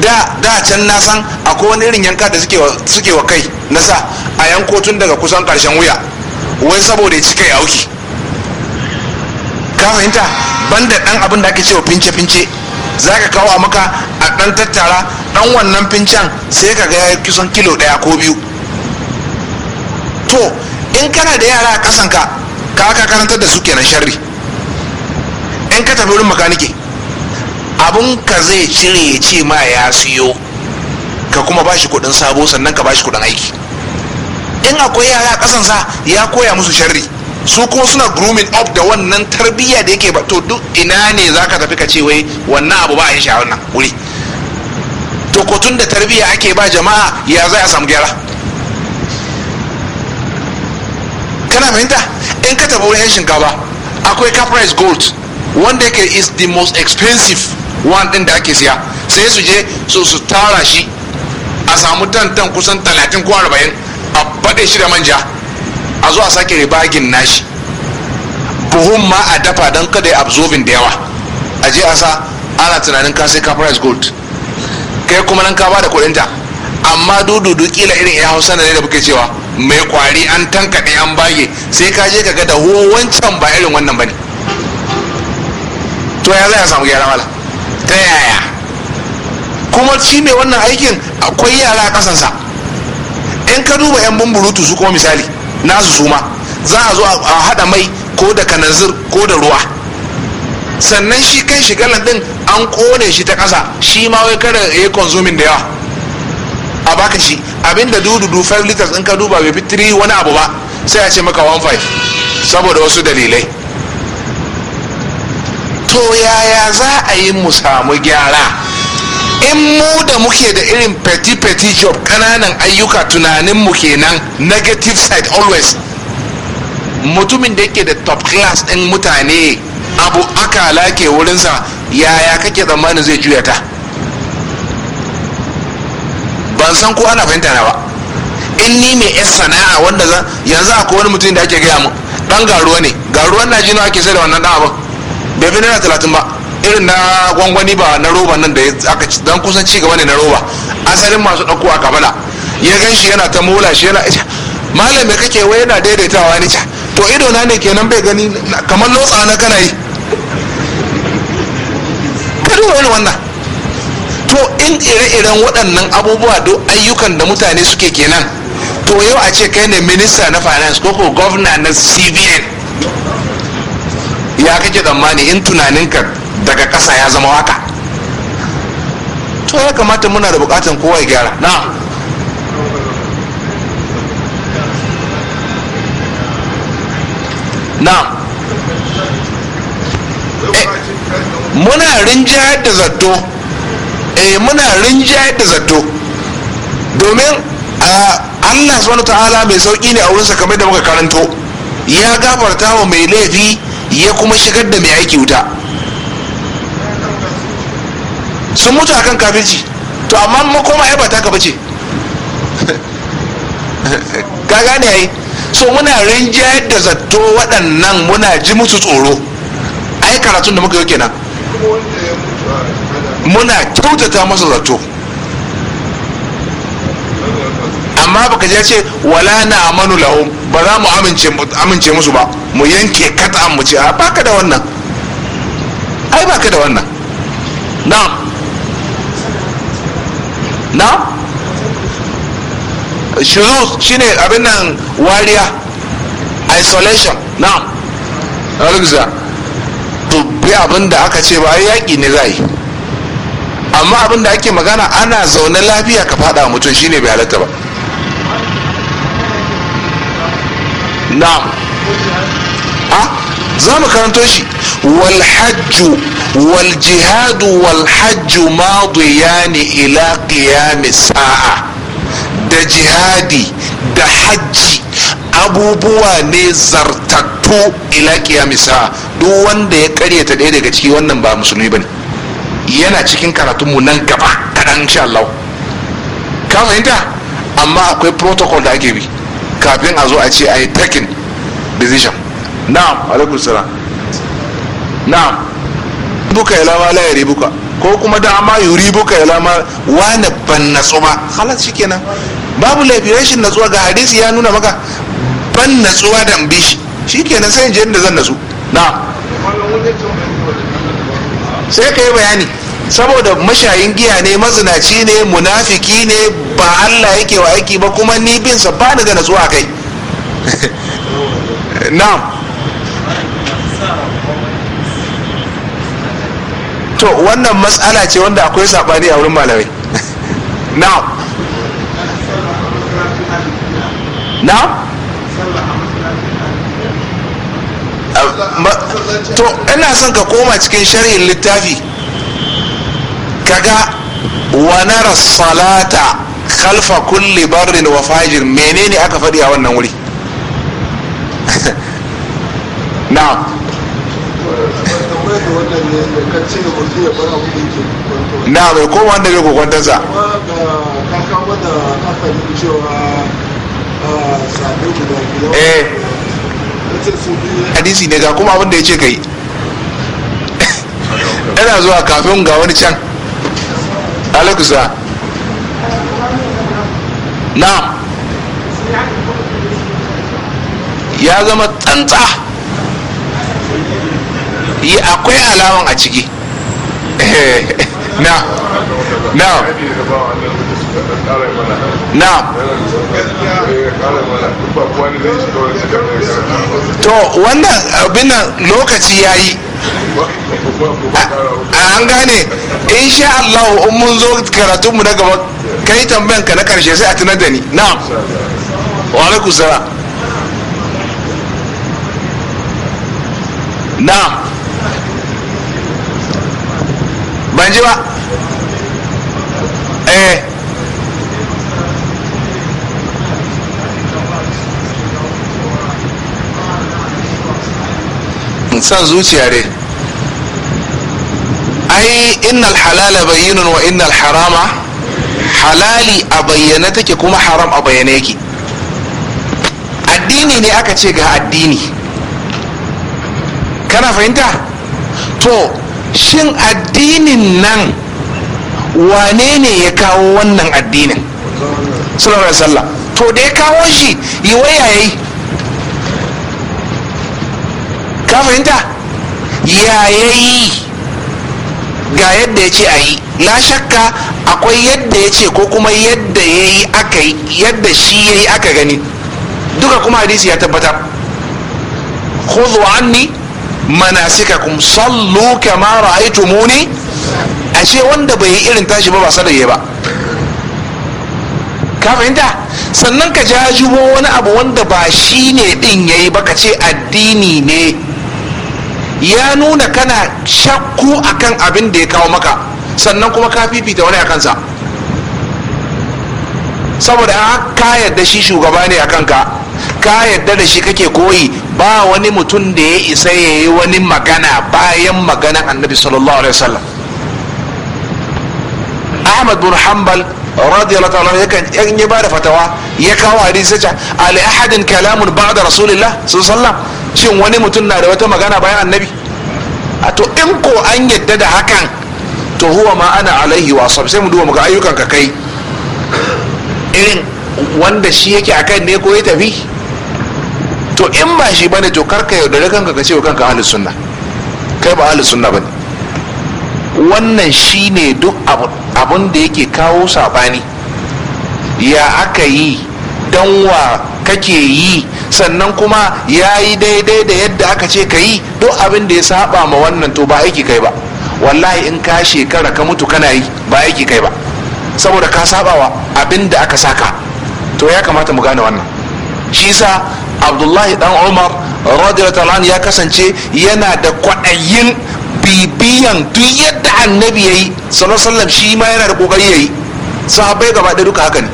da da can na san akwai wani irin yanka da suke wa kai na sa a yanko tun daga kusan karshen wuya wai saboda ya ci kai auki ka fahimta banda dan abin da ake cewa fince fince za ka kawo maka a dan tattara dan wannan fincen sai ka ga kusan kilo daya ko biyu to in kana da yara a kasan ka ka ka karantar da su kenan sharri in ka tafi wurin makanike abun ka zai cire ya ce ma ya siyo ka kuma bashi kudin sabo sannan ka bashi kudin aiki in akwai yara a kasansa ya koya musu sharri su kuma suna grooming up da wannan tarbiyya da yake ba to duk ina ne za ka tafi ka ce wai wannan abu ba a yin shawarar wuri to ko tun da tarbiyya ake ba jama'a ya za a samu gyara kana fahimta in ka tafi wurin shinkafa akwai caprice gold wanda yake is the most expensive one din da ake siya sai su je su su tara shi a samu tantan kusan 30 ko 40 a baɗe shi da manja a zo a sake ribagin nashi buhun ma a dafa don kada ya absorbing da yawa a je a sa ana tunanin ka sai ka price gold kai kuma nan ka bada kuɗin ta amma dududu kila irin ya hausa ne da buke cewa mai kwari an tankaɗe an bage sai ka je ka ga da wancan ba irin wannan bane to ya zai a samu gyara mala ta yaya kuma shi mai wannan aikin akwai yara a kasansa in ka duba yan bumburutu su kuma misali nasu suma za a zo a hada mai ko da kananzir ko da ruwa sannan shi kan shi galan din an kone shi ta kasa shi ma wai kada ya konsumin da yawa a baka shi abinda dududu 5 liters in ka duba bai fi 3 wani abu ba sai a ce maka 1.5 saboda wasu dalilai to yaya za a yi mu samu gyara in mu da muke da irin petty petty job kananan ayyuka tunanin mu kenan negative side always mutumin da yake da top class din mutane abu akala ke wurinsa yaya kake tsammanin zai juya ta ban san ko ana fahimta na ba in ni mai yan sana'a wanda za yanzu akwai wani mutum da ake gaya mu dan garuwa ne garuwan najina ake sai da wannan dan abin bai fi naira talatin ba irin na gwangwani ba na roba nan da aka dan kusan ci gaba ne na roba asalin masu ɗauko a kamala ya gan shi yana ta mola shi yana malam me kake wai yana daidaitawa ne to ido na ne kenan bai gani kamar lotsa na kana yi ka duba wannan to in ire-iren waɗannan abubuwa do ayyukan da mutane suke kenan to yau a ce kai ne minista na finance ko governor gwamna na cbn ya kake tsammani in tunaninka daga kasa ya zama waka to ya kamata muna da bukatan kowa ya gyara na na eh, muna rinjayar da zato eh muna rinjayar da zato domin allah subhanahu ta'ala mai sauki ne a wurinsa kamar da muka karanto ya gafarta wa mai laifi ya kuma shigar da mai aiki wuta sun mutu akan kafirci to amma makoma ya bata ka bace ka gane yayi so muna rinjayar da zato waɗannan muna ji musu tsoro ai karatun da muka yi kenan muna kyautata masa zato amma baka je ce wala na amanu lahum ba za mu amince musu ba mu yanke kata mu ce a baka da wannan ai baka da wannan na'am na shi shine abin nan wariya isolation na alexa to bi abin da aka ce ba yaƙi ne za yi amma abin da ake magana ana zaune lafiya ka fada mutum ne bai halatta ba na Ha? za mu karanto shi walhajju waljihadu walhajju ma ya ne ila qiyam sa'a da jihadi da hajji abubuwa ne zartattu ila qiyam sa'a duk wanda ya karyata ɗaya daga ciki wannan ba musulmi ba ne. yana cikin karatunmu nan gaba kaɗan sha Allah ka fahimta amma akwai protocol da ake bi kafin a zo a ce a yi taking decision na'am alaikum salam na'am buka ya lama la buka ko kuma da amma yuri buka ya lama wani ban natsu ba halas kenan babu laifi rashin natsuwa ga hadisi ya nuna maka ban natsuwa da mbi shi kenan sai in da zan natsu na'am sai ka yi bayani saboda mashayin giya ne mazinaci ne munafiki ne ba Allah yake wa aiki ba kuma ni bin sa ba ni ga natsuwa kai na'am to wannan matsala ce wanda akwai saɓani a wurin malamai na'am na'am to ina son ka koma cikin sharhin littafi kaga wanarar salata khalfa kulli barrin wa fajir menene aka faɗi a wannan wuri na'am na mai koma wanda zai kokwantarsa ga eh hadisi ne ga kuma abin da ya ce ka yi yana zuwa kafin ga wani can Alakusa. na ya zama tsantsa yi akwai alaman a ciki eh, na na na to wannan abin lokaci ya yi an gane insha Allah in mun zo karatunmu na gaba kai tambayan ka na karshe sai a tunar da ni na wa kusura na ji ba eh san zuciya dai ai innal halala bayyinun wa innal harama halali a bayyane take kuma haram a bayyane yake addini ne aka ce ga addini kana fahimta to shin addinin nan wane ne ya kawo wannan addinin sallallahu Sallah. to da ya kawo shi yi waya yayi ka fahimta ya yayi ga yadda ya ce a yi la shakka akwai yadda ya ce ko kuma yadda ya yi yadda shi ya yi aka gani duka kuma hadisi ya tabbatar khudhu anni manasikakum sallu kama ra'aytumuni ashe wanda bai yi irin tashi ba ba sadaye ba ka fahimta sannan ka jajubo wani abu wanda ba shi ne din yayi ba ka ce addini ne ya nuna kana shakku akan abin da ya kawo maka sannan kuma ka fifita wani a kansa saboda ka yarda shi shugaba ne a kanka ka yarda da shi kake koyi ba wani mutum da ya isa ya yi wani magana bayan magana annabi sallallahu alaihi wasallam ahmad bin hanbal radiyallahu ta'ala yakan yan ba bada fatawa ya kawo hadisi sace ali ahadin kalamun ba'da rasulillah sallallahu alaihi shin wani mutum na da wata magana bayan annabi a to in ko an yadda da hakan to huwa ma ana alaihi wa sai mu duba muga ayyukan ka kai irin wanda shi yake akan ne ko ya tafi to in ba shi bane to karka yaudare kanka ka ce wa kanka ahli sunna kai ba ahli sunna bane wannan shine duk abun da yake kawo sabani ya aka yi dan wa kake yi sannan kuma ya yi daidai da yadda aka ce ka yi duk abin da ya saba ma wannan to ba aiki kai ba wallahi in ka shekara ka mutu kana yi ba aiki kai ba saboda ka saba wa abin da aka saka to ya kamata mu gane wannan shi sa abdullahi dan umar radiyallahu anhu ya kasance yana da kwaɗayin bibiyan duk yadda annabi yayi sallallahu alaihi wasallam shi ma yana da kokari yayi sahabbai gaba da duka haka ne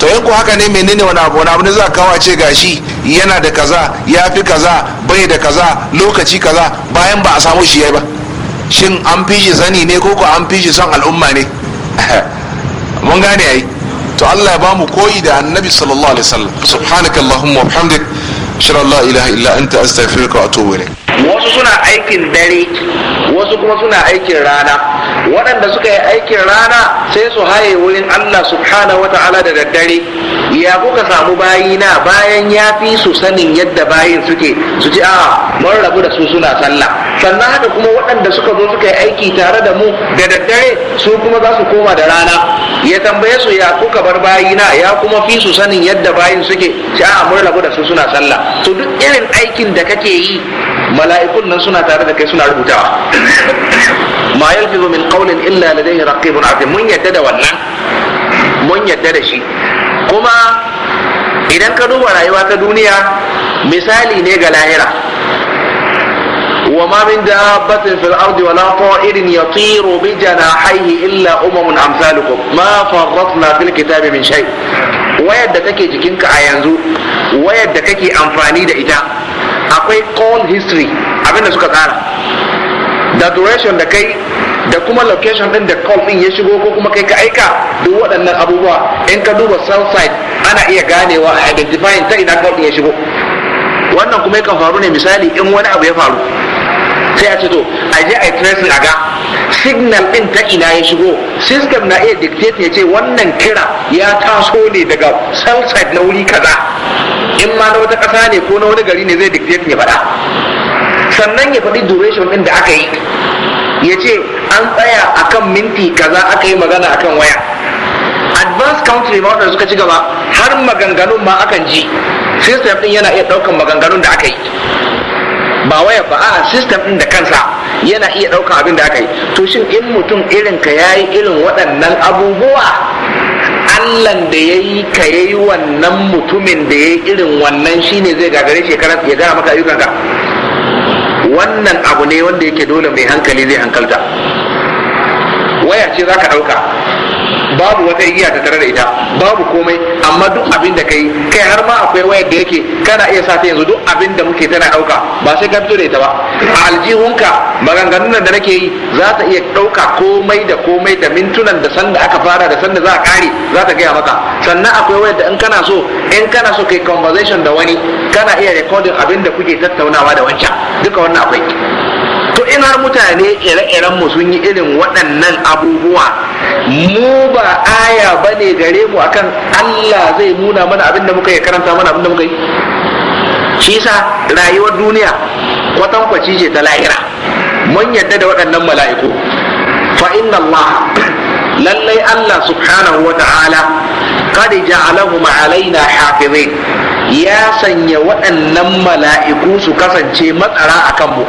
to in haka ne menene wani abu wani abu ne za kawo ce gashi yana da kaza ya fi kaza bai da kaza lokaci kaza bayan ba a samu shi yayi ba shin an fi shi sani ne ko ko an fi shi son al'umma ne mun gane ai to Allah ya bamu koyi da annabi sallallahu alaihi wasallam subhanakallahumma wa bihamdika shirar la ilaha illa anta astaghfiruka wa atubu ilayk wasu suna aikin dare wasu kuma suna aikin rana waɗanda suka yi aikin rana sai su haye wurin Allah subhanahu wata'ala da daddare ya kuka samu bayina bayan ya fi su sanin yadda bayin suke su ji a ah, mun rabu da su suna sallah sannan haka kuma waɗanda suka zo suka yi aiki tare da mu da daddare su kuma za su koma da rana ya tambaye su ya kuka bar bayina ya kuma fi su sanin yadda bayin suke sai a ah, mun rabu da su suna sallah to duk irin aikin da kake yi mala'ikun nan suna tare da kai suna rubutawa ma yalfizu min qawlin illa ladayhi raqibun atid mun yadda da wannan mun yadda da shi kuma idan ka duba rayuwa ta duniya misali ne ga lahira وما من دابة في الأرض ولا طائر يطير بجناحيه إلا أمم أمثالكم ما فرطنا في الكتاب من شيء wayar da kake jikinka a yanzu wayar da kake amfani da ita akwai call history abinda suka tsara da duration da kai da kuma location din da call din ya shigo ko kuma kai ka aika duk waɗannan abubuwa in ka duba cell site ana iya ganewa a identifying ta ina call din ya shigo wannan kuma yakan faru ne misali in wani abu ya faru sai a ce to a je a yi tracing a ga signal din ta ina ya shigo system na iya dictate ya ce wannan kira ya taso ne daga cell site na wuri kaza in ma na wata ƙasa ne ko na wani gari ne zai dictate ya faɗa sannan ya faɗi duration din da aka yi ya ce an tsaya akan minti kaza aka yi magana akan waya advanced country ma wadanda suka ci gaba har maganganun ma akan ji system din yana iya ɗaukan maganganun da aka yi ba waya ba a system din da kansa yana iya ɗaukan abin da aka yi to shin in mutum irin ka yayi irin waɗannan abubuwa allan da ya yi ka ya yi wannan mutumin da ya yi irin wannan shine zai gagare shekarar ya gara maka ayyukanka wannan abu ne wanda yake dole mai hankali zai hankalta waya ce za ka ɗauka babu wata iya ta tare da ita babu komai amma duk abin da kai kai har ma akwai wayar da yake kana iya sa ta yanzu duk abin da muke tana dauka ba sai ka fito da ita ba a aljihunka maganganun da nake yi za ta iya dauka komai da komai da mintunan da sanda aka fara da sanda za a kare za ta gaya maka sannan akwai wayar da in kana so in kana so kai conversation da wani kana iya recording abin da kuke tattaunawa da wancan duka wannan akwai to in har mutane ire-iren mu sun yi irin waɗannan abubuwa mu ba aya bane gare mu akan Allah zai nuna mana abin da muka yi karanta mana abin da muka yi shi sa rayuwar duniya kwatankwaci ce ta lahira mun yadda da waɗannan mala'iku fa inna Allah lallai Allah subhanahu wa ta'ala qad ja'alahum hafizin ya sanya waɗannan mala'iku su kasance matsara akan mu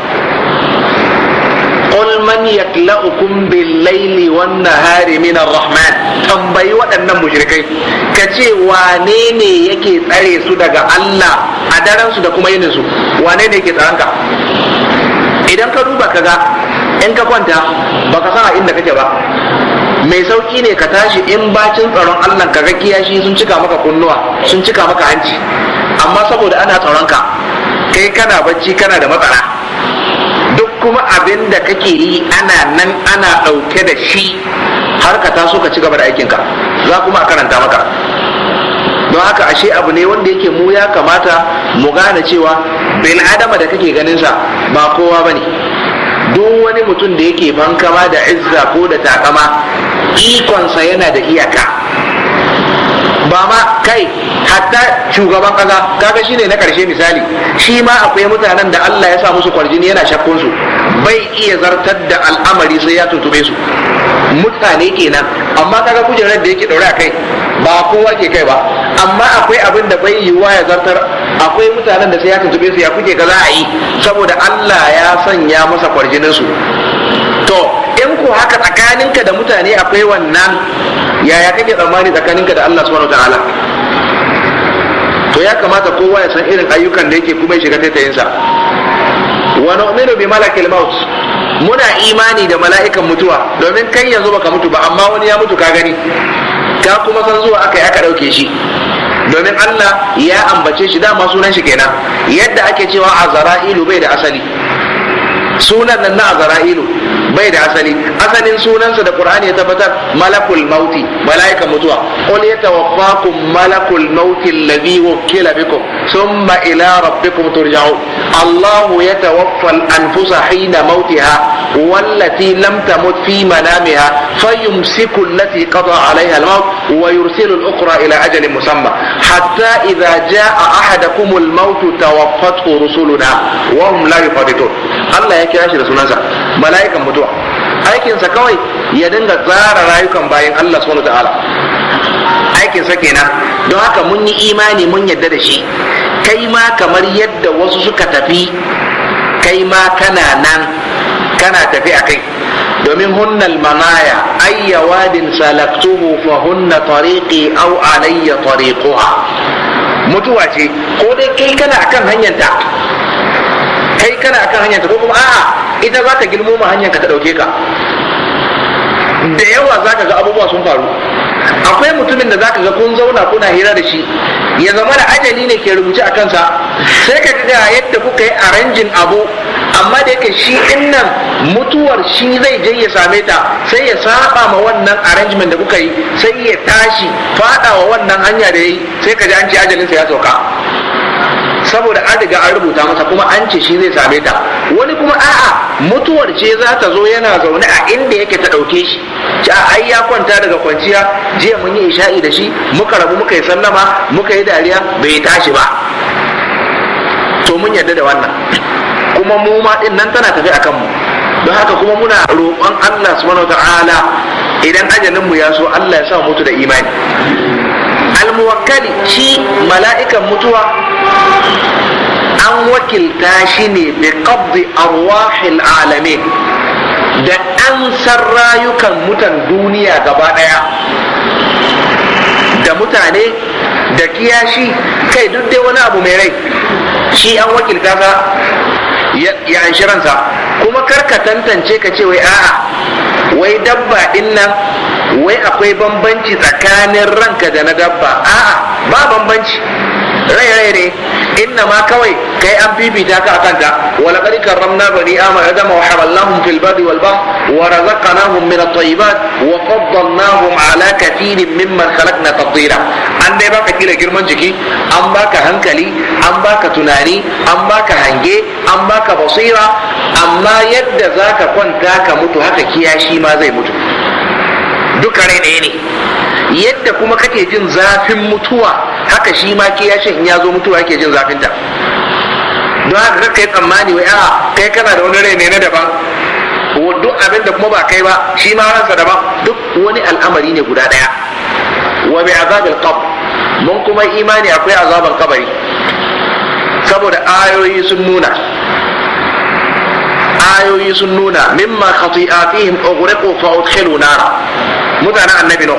qul man yaklaukum bil laili wan rahman tambayi waɗannan mushrikai kace wane ne yake tsare su daga Allah a daren su da kuma yinin su wane ne yake tsaranka idan ka duba kaga in ka kwanta baka san a inda kake ba mai sauƙi ne ka tashi in bacin tsaron Allah ka ga kiyashi sun cika maka kunnuwa sun cika maka hanci amma saboda ana tsaron ka kai kana bacci kana da matsala kuma abin da kake yi ana nan ana ɗauke da shi har ka taso ka ci gaba da aikinka za kuma a karanta maka don haka ashe abu ne wanda yake mu ya kamata mu gane cewa bin adama da kake ganin sa ba kowa ba ne duk wani mutum da yake bankama da izza ko da takama ikonsa yana da iyaka ba ma kai hatta shugaban kaza kaga shine na karshe misali shi ma akwai mutanen da Allah ya sa musu kwarjini yana shakkun su bai iya zartar da al'amari sai ya tuntube su mutane kenan amma kaga kujerar da yake daure a kai ba kowa ke kai ba amma akwai abin da bai yiwuwa ya zartar akwai mutanen da sai ya tuntube su ya kuke za a yi saboda Allah ya sanya masa kwarjinin su to in ko haka tsakaninka da mutane akwai wannan yaya kake tsammani tsakaninka da Allah subhanahu ta'ala to ya kamata kowa ya san irin ayyukan da yake kuma ya shiga taitayinsa wa nu'minu bi malakil maut muna imani da mala'ikan mutuwa domin kai yanzu baka mutu ba amma wani ya mutu ka gani ka kuma san zuwa aka yi aka dauke shi domin Allah ya ambace shi dama sunan shi kenan yadda ake cewa azara'ilu bai da asali sunan nan na azara'ilu bai da asali asalin sunansa da qur'ani ya tabbatar malakul mauti malaika mutuwa qul yatawaffakum malakul mauti alladhi wukila bikum thumma ila rabbikum turja'un Allah yatawaffa al-anfusa hina mautiha wallati lam tamut fi manamiha fayumsiku allati qada 'alayha al-maut wa yursilu al-ukhra ila ajalin musamma hatta idha ja'a ahadakum al-maut tawaffat rusuluna wa hum la yufarritun Allah ya kira shi da sunansa mala'ikan mutuwa mutuwa aikinsa kawai ya dinga zara rayukan bayan Allah subhanahu ta'ala aikinsa kenan don haka mun yi imani mun yadda da shi kai ma kamar yadda wasu suka tafi kai ma kana nan kana tafi a kai domin hunnal manaya ayya wadin salaktuhu fa hunna tariqi aw alayya tariquha mutuwa ce ko dai kai kana akan hanyarta kai kana akan hanyar ta kuma a'a ita za ka girmo ma hanyar ka ta ɗauke ka da yawa za ka ga abubuwa sun faru akwai mutumin da za ka ga kun zauna kuna hira da shi ya zama da ajali ne ke rubuce a kansa sai ka ga yadda kuka yi aranjin abu amma da yake shi innan mutuwar shi zai je ya same ta sai ya saba ma wannan arrangement da kuka yi sai ya tashi fada wa wannan hanya da yi, sai ka ji an ce ajalinsa ya sauka saboda an riga an rubuta masa kuma an ce shi zai same ta wani kuma a'a mutuwar ce za ta zo yana zaune a inda yake ta ɗauke shi ci a ai ya kwanta daga kwanciya jiya mun yi isha'i da shi muka rabu muka yi sallama muka yi dariya bai tashi ba to mun yarda da wannan kuma mu ma din nan tana tafi akan mu don haka kuma muna roƙon Allah subhanahu ta'ala idan ajalin ya so Allah ya sa mutu da imani almuwakkali shi mala'ikan mutuwa an wakilta shi ne bi qabdi arwahil alamin da an san rayukan mutan duniya gaba daya da mutane da kiyashi kai duk dai wani abu mai rai shi an wakilta ka ya anshi ransa kuma karka tantance ka ce wai a'a wai dabba dinnan wai akwai bambanci tsakanin ranka da na dabba a'a ba bambanci rai rai ne inna ma kawai kai an bibita ka akan ta wala qad karramna bani adama wa hamalnahum fil barri wal bahr wa razaqnahum min at-tayyibat wa faddalnahum ala kathirin mimman khalaqna tafdila an dai baka kila girman jiki an baka hankali an baka tunani an baka hange an baka basira amma yadda zaka kwanta ka mutu haka kiyashi ma zai mutu duka rai ne yadda kuma kake jin zafin mutuwa haka shi ma kiyashin in ya zo mutuwa yake jin zafinta don haka kar yi tsammani wai a ah, kai kana da wani rai ne na daban duk abinda kuma ba kai ba shi ma ransa daban duk wani al'amari ne guda daya wa bi azabil qabr mun kuma imani akwai azaban kabari saboda ayoyi sun nuna ayoyi sun nuna mimma khati'atihim ughriqu fa udkhilu nara mutanen annabi no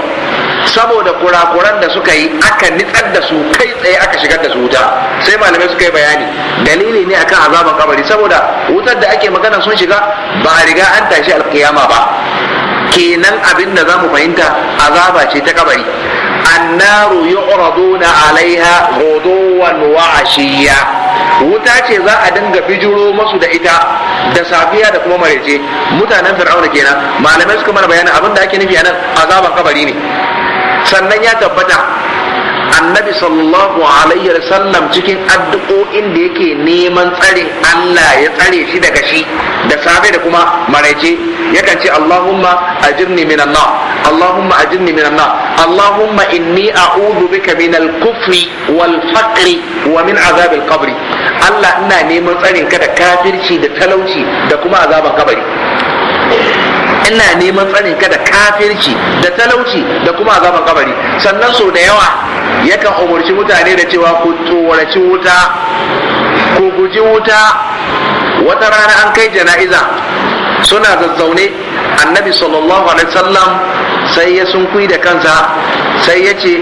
saboda kurakuran da suka yi aka nitsar da su kai tsaye aka shigar da su wuta sai malamai suka yi bayani dalili ne akan azaban kabari saboda wutar da ake magana sun shiga ba a riga an tashi alkiyama ba kenan abin da zamu fahimta azaba ce ta kabari annaru yu'raduna alaiha ghuduwan wa ashiya wuta ce za a dinga bijiro masu da ita da safiya da kuma marece mutanen fir'auna kenan malamai suka mana bayanin abin da ake nufi anan azaban kabari ne sannan ya tabbata annabi sallallahu alaihi wasallam cikin addu'o'in da yake neman tsarin Allah ya tsare shi daga shi da safe da kuma maraice yakan ce Allahumma ajirni minan nar Allahumma ajirni minan nar Allahumma inni a'udhu bika minal kufri wal faqri wa min azabil qabri Allah ina neman tsarin ka da kafirci da talauci da kuma azaban kabari ina neman tsanin ka da kafirci da talauci da kuma azaban kabari sannan sau da yawa yakan umarci mutane da cewa ku tsoraci wuta ku guji wuta wata rana an kai jana'iza suna zazzaune annabi sallallahu alaihi wasallam sai ya sunkwi da kansa sai ya ce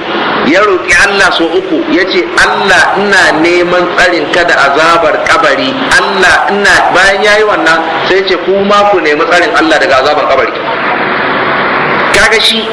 ya roƙi Allah so uku ya ce Allah ina neman tsarin ka da azabar kabari Allah ina bayan ya yi wannan sai ce kuma ku nemi tsarin Allah daga azabar kabari kaga shi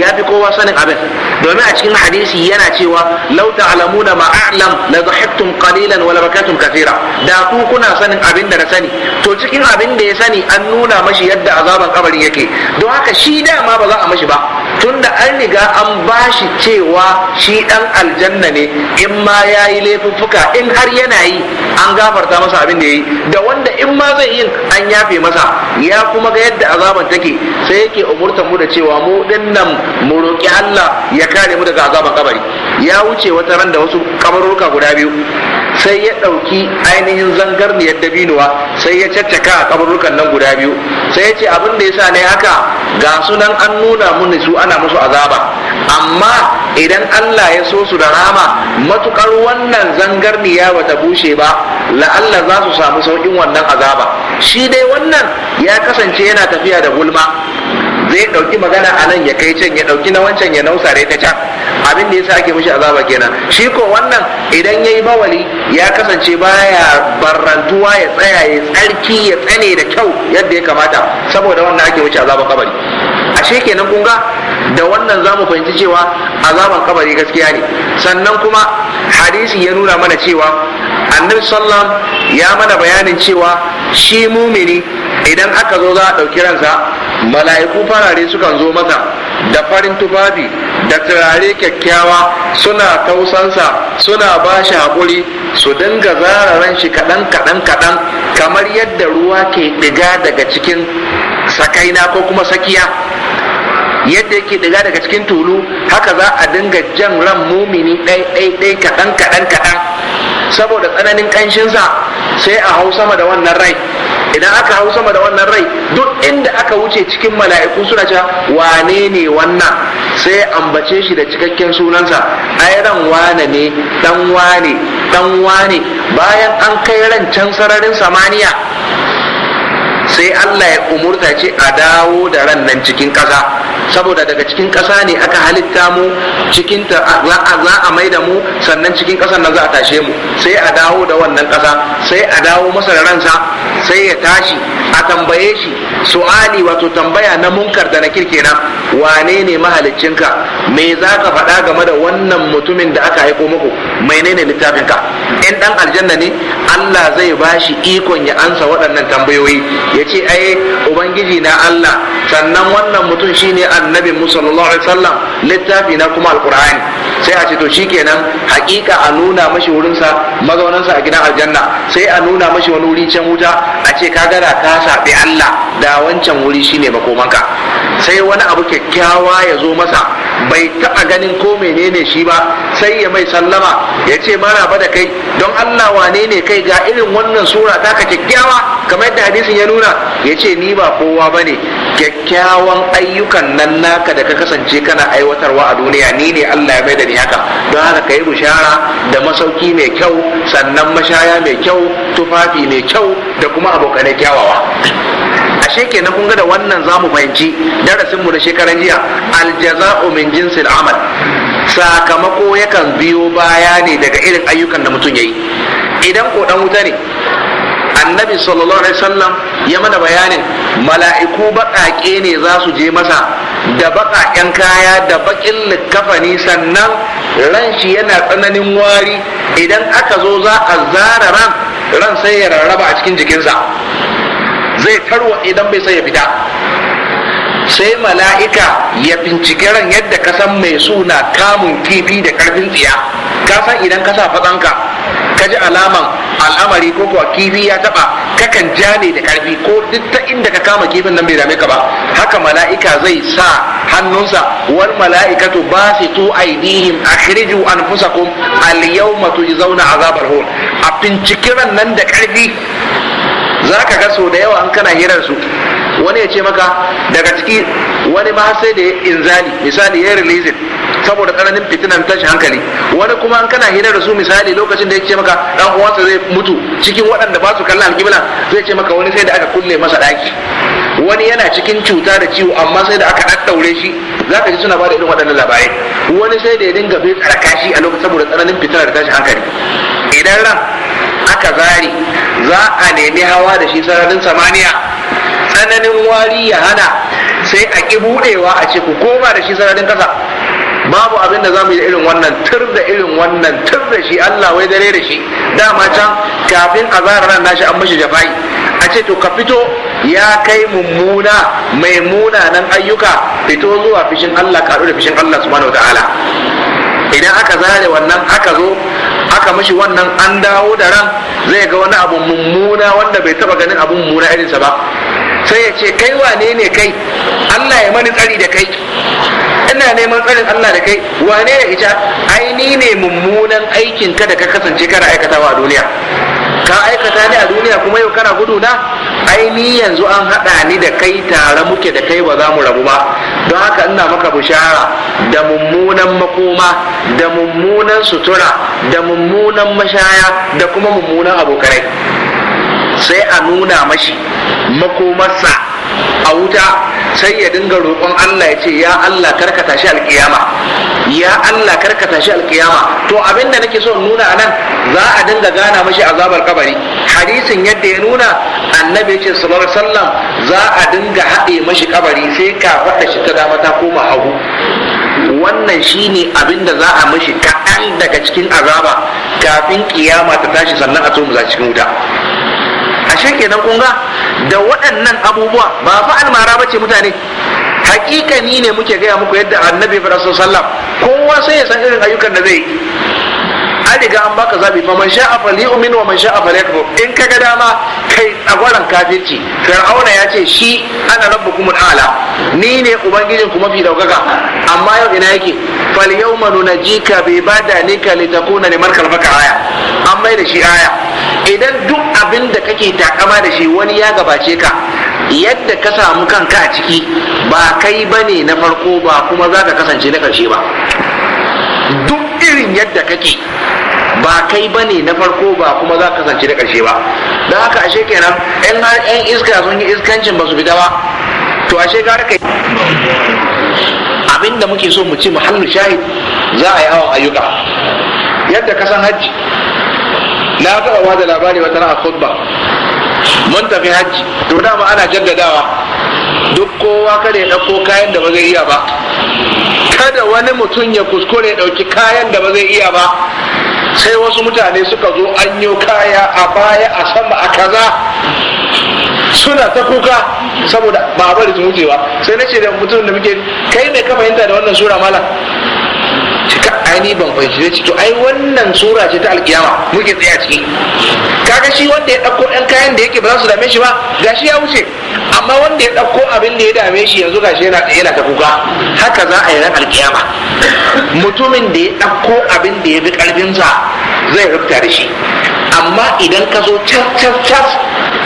ya fi kowa sanin abin domin a cikin hadisi yana cewa lau alamu ma a'lam la dhahiktum qalilan wa la kathira da ku kuna sanin abin da na sani to cikin abin da ya sani an nuna mashi yadda azaban kabarin yake don haka shi dama ba za a mashi ba tunda an riga an bashi cewa shi dan aljanna ne in ma ya yi laifuffuka in har yana yi an gafarta masa abin da ya yi da wanda in ma zai yi an yafe masa ya kuma ga yadda azaban take sai yake umurta mu da cewa mu dinnan mu roƙi Allah ya kare mu daga azaban kabari ya wuce wata ran da wasu kabaruka guda biyu sai ya ɗauki ainihin zangar zangarniyar dabinuwa sai ya caccaka a kabarukan nan guda biyu sai ya ce abin da ya sa ne haka ga sunan an nuna mun su ana musu azaba amma idan Allah ya so su da rama matukar wannan zangarniya ba ta bushe ba Allah za su samu sauƙin wannan azaba shi dai wannan ya kasance yana tafiya da gulma zai ɗauki magana a nan ya kai can ya ɗauki na wancan ya nausa nausare ta can abin da sa ake mishi azaba kenan shi ko wannan idan ya yi bawali ya kasance baya barrantuwa ya tsaya ya tsarki ya tsane da kyau yadda ya kamata saboda wannan ake mishi azaba kabari ashe kenan kun ga da wannan za mu fahimci cewa azaban kabari gaskiya ne sannan kuma hadisi ya nuna mana cewa annabi sallam ya mana bayanin cewa shi mumini idan aka zo za a ɗauki ransa mala'iku farare sukan zo masa da farin tufafi da turare kyakkyawa suna tausansa suna ba shi haƙuri su dinga zara ran shi kaɗan kaɗan kaɗan kamar yadda ruwa ke ɗiga daga cikin sakaina ko kuma sakiya yadda yake ɗiga daga cikin tulu haka za a dinga jan ran mumini ɗai ɗai ɗai kaɗan kaɗan kaɗan saboda tsananin ƙanshinsa sai a hau sama da wannan rai idan aka hau sama da wannan rai duk inda aka wuce cikin mala'iku suna cewa wane ne wannan sai ambace shi da cikakken sunansa ai ran wane ne dan wane dan wane bayan an kai ran can sararin samaniya sai Allah ya umurta ce a dawo da ran nan cikin ƙasa saboda daga cikin ƙasa ne aka halitta mu cikin ta za a mai da mu sannan cikin ƙasan nan za a tashe mu sai a dawo da wannan ƙasa sai a dawo masa da ransa sai ya tashi a tambaye shi su'ali wato tambaya na munkar da na kirkena wane ne mahaliccinka me za ka faɗa game da wannan mutumin da aka haiko muku menene littafinka in ɗan aljanna ne Allah zai bashi ikon ya ansa waɗannan tambayoyi ya ce ai ubangiji na Allah sannan wannan mutum shine annabi mu sallallahu alaihi wasallam littafi na kuma alqur'ani sai a ce to shi shikenan hakika a nuna mashi wurin sa mazaunan sa a gidan aljanna sai a nuna mashi wani wuri can wuta a ce ka da ka sabi Allah da wancan wuri shine makomanka sai wani abu kyakkyawa ya zo masa bai taɓa ganin ko menene shi ba sai ya mai sallama ya ce mana ba da kai don Allah wane ne kai ga irin wannan sura ta ka kyakkyawa kamar yadda hadisin ya nuna ya ce ni ba kowa ba ne kyakkyawan ayyukan nan naka da ka kasance kana aiwatarwa a duniya ni ne Allah ya mai da ni haka don haka ka yi bushara da masauki mai kyau sannan mashaya mai kyau tufafi mai kyau da kuma abokanai kyawawa ashe ke na kunga da wannan zamu fahimci darasin mu da shekaran jiya aljaza'u min jinsil amal sakamako yakan biyo baya ne daga irin ayyukan da mutum yayi idan ko dan wuta ne annabi sallallahu alaihi wasallam ya mana bayanin mala'iku baƙaƙe ne za su je masa da baƙaƙen kaya da baƙin likafani sannan ran shi yana tsananin wari idan aka zo za a zara ran ran sai ya rarraba a cikin jikinsa zai tarwa idan bai sai ya fita sai mala'ika ya bincike ran yadda ka san mai suna kamun kifi da karfin tsiya ka san idan ka sa fatsanka ka ji alaman al'amari ko kuwa kifi ya taba kakan ja ne da karfi ko duk ta inda ka kama kifin nan bai dame ka ba haka mala'ika zai sa hannunsa wal mala'ikatu basitu aydihim akhriju anfusakum al yawma tujzauna azabal hun a bincike ran nan da karfi za ka ga so da yawa an kana hirar su wani ya ce maka daga ciki wani ma sai da inzali misali ya release saboda tsananin fitinan tashin hankali wani kuma an kana hirar da su misali lokacin da ya ce maka dan uwansa zai mutu cikin waɗanda ba su kallon alƙibla zai ce maka wani sai da aka kulle masa ɗaki wani yana cikin cuta da ciwo amma sai da aka ɗaɗɗaure shi za ka ji suna ba da irin waɗannan labarai wani sai da ya dinga bai tsaraka kashi a lokacin saboda tsananin fitinar da tashin hankali idan ran aka zari za a nemi hawa da shi sararin samaniya tsananin wari ya hana sai a ƙi buɗewa a ce ku koma da shi sararin kasa babu abin da za mu yi irin wannan tur da irin wannan tur da shi Allah wai dare da shi dama can kafin a zara ran nashi an mashi jafai a ce to ka fito ya kai mummuna mai munanan ayyuka fito zuwa fishin Allah kaɗu da fishin Allah subhanahu wa ta'ala idan aka zare wannan aka zo aka mashi wannan an dawo da ran zai ga wani abu mummuna wanda bai taba ganin abu mummuna irinsa ba sai ya ce kai wane ne kai Allah ya mani tsari da kai ina neman tsarin Allah da kai wane ya ita Aini ne mummunan aikin ka da ka kasance kana aikatawa a duniya ka aikata ni a duniya kuma yau kana gudu na ai ni yanzu an haɗa ni da kai tare muke da kai ba za mu rabu ba don haka ina maka bushara da mummunan makoma da mummunan sutura da mummunan mashaya da kuma mummunan abokanai sai a nuna mashi makomarsa a wuta sai ya dinga roƙon Allah ya ce ya Allah karkata shi alƙiyama ya Allah karkata shi alƙiyama to abin da nake so nuna a nan za a dinga gana mashi azabar kabari hadisin yadda ya nuna annabi ce sallallahu alaihi wasallam za a dinga haɗe mashi kabari sai ka faɗa shi ta dama ta koma hagu wannan shine abin da za a mashi kaɗan daga cikin azaba kafin kiyama ta tashi sannan a tsoma za cikin wuta ashe kenan kun ga da waɗannan abubuwa ba fa almara bace mutane ni ne muke gaya muku yadda annabi fara sallam kowa sai ya san irin ayyukan da zai yi an riga an baka zabi fa man sha'a min wa man sha'a falyakfur in kaga dama kai tsagwaran kafirci fir'auna ya ce shi ana rabbukum ala ni ne ubangijin ku mafi daukaka amma yau ina yake fal yawma nunajika bi badanika litakuna liman khalfaka aya an mai da shi aya idan duk abin da kake takama da shi wani ya gabace ka yadda ka samu kanka a ciki ba kai bane na farko ba kuma za ka kasance na karshe ba duk irin yadda kake ba kai bane na farko ba kuma za ka kasance da ƙarshe ba don haka ashe kenan yan har yan iska sun yi iskancin ba su fita ba to ashe gara kai abinda muke so mu ci muhallu shahid za a yi awon ayyuka yadda ka san hajji na taɓa ba da labari wata a khutba mun tafi hajji to dama ana jaddadawa duk kowa kada ya ɗauko kayan da ba zai iya ba kada wani mutum ya kuskure ya ɗauki kayan da ba zai iya ba sai wasu mutane suka zo an yi kaya a baya a sama a kaza suna ta kuka saboda ba a bari su wuce sai na ce da mutum da muke kai ne ka fahimta da wannan sura malam aini ban fahimci ce to ai wannan sura ce ta alkiyama muke tsaya ciki kaga shi wanda ya dauko ɗan kayan da yake ba za su dame shi ba gashi ya wuce amma wanda ya dauko abin da ya dame shi yanzu gashi yana yana ta kuka haka za a yi ran alkiyama mutumin da ya dauko abin da ya bi karfinsa zai rubuta da shi amma idan ka zo cas cas cas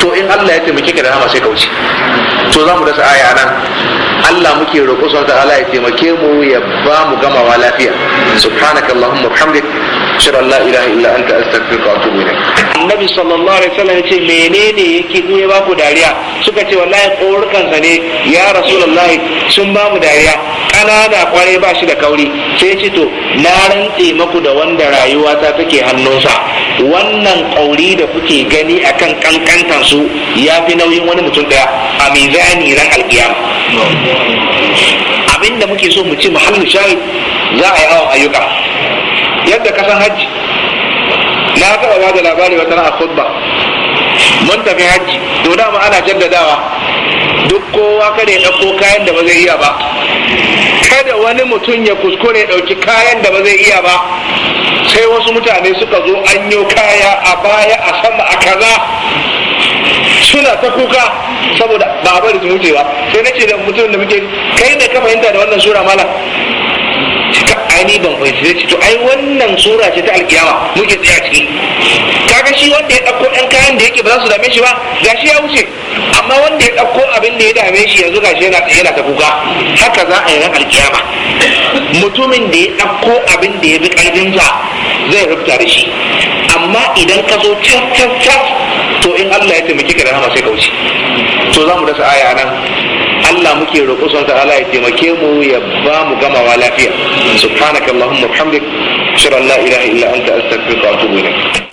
to in Allah ya taimake ka da hama sai ka wuce to za mu dasa aya nan Allah muke roƙo subhanahu ta'ala ya taimake mu ya ba mu gamawa lafiya subhanaka allahumma Allah ilaha illa anta astaghfiruka wa atubu annabi sallallahu alaihi wasallam yace menene yake ni ya baku dariya suka ce wallahi korukan sa ne ya rasulullahi sun ba mu dariya Ƙanana kwarai ba shi da kauri sai ce to na rantse maku da wanda rayuwa ta take hannunsa wannan ƙauri da kuke gani akan kankantar su ya fi nauyin wani mutum daya a mizani ran abinda muke so mu ci muhallin shahid za a yi awon ayyuka yadda kasan san hajji na taɓa ba da labari wata na a khutba mun tafi hajji to dama ana jaddadawa duk kowa kada ya ɗauko kayan da ba zai iya ba kada wani mutum ya kuskure ɗauki kayan da ba zai iya ba sai wasu mutane suka zo anyo kaya a baya a sama a kaza suna ta kuka saboda ba a bari su wuce ba sai na ce da mutum da muke kai da ka fahimta da wannan sura mala ta ainihin ban fahimci ce to ai wannan sura ce ta alkiyama muke tsaya ciki kaga shi wanda ya ɗauko ɗan kayan da yake ba za su dame shi ba gashi ya wuce amma wanda ya ɗauko abin da ya dame shi yanzu gashi yana yana ta kuka haka za a yi ran alkiyama mutumin da ya ɗauko abin da ya bi ƙarfinsa zai rubuta da shi amma idan ka zo can to in Allah ya taimaki ka da hama sai ka wuce to za mu dasa aya nan Allah muke roƙo son ta'ala ya taimake mu ya ba mu gamawa lafiya subhanaka allahumma bihamdik shara la ilaha illa anta astaghfiruka wa atubu ilaik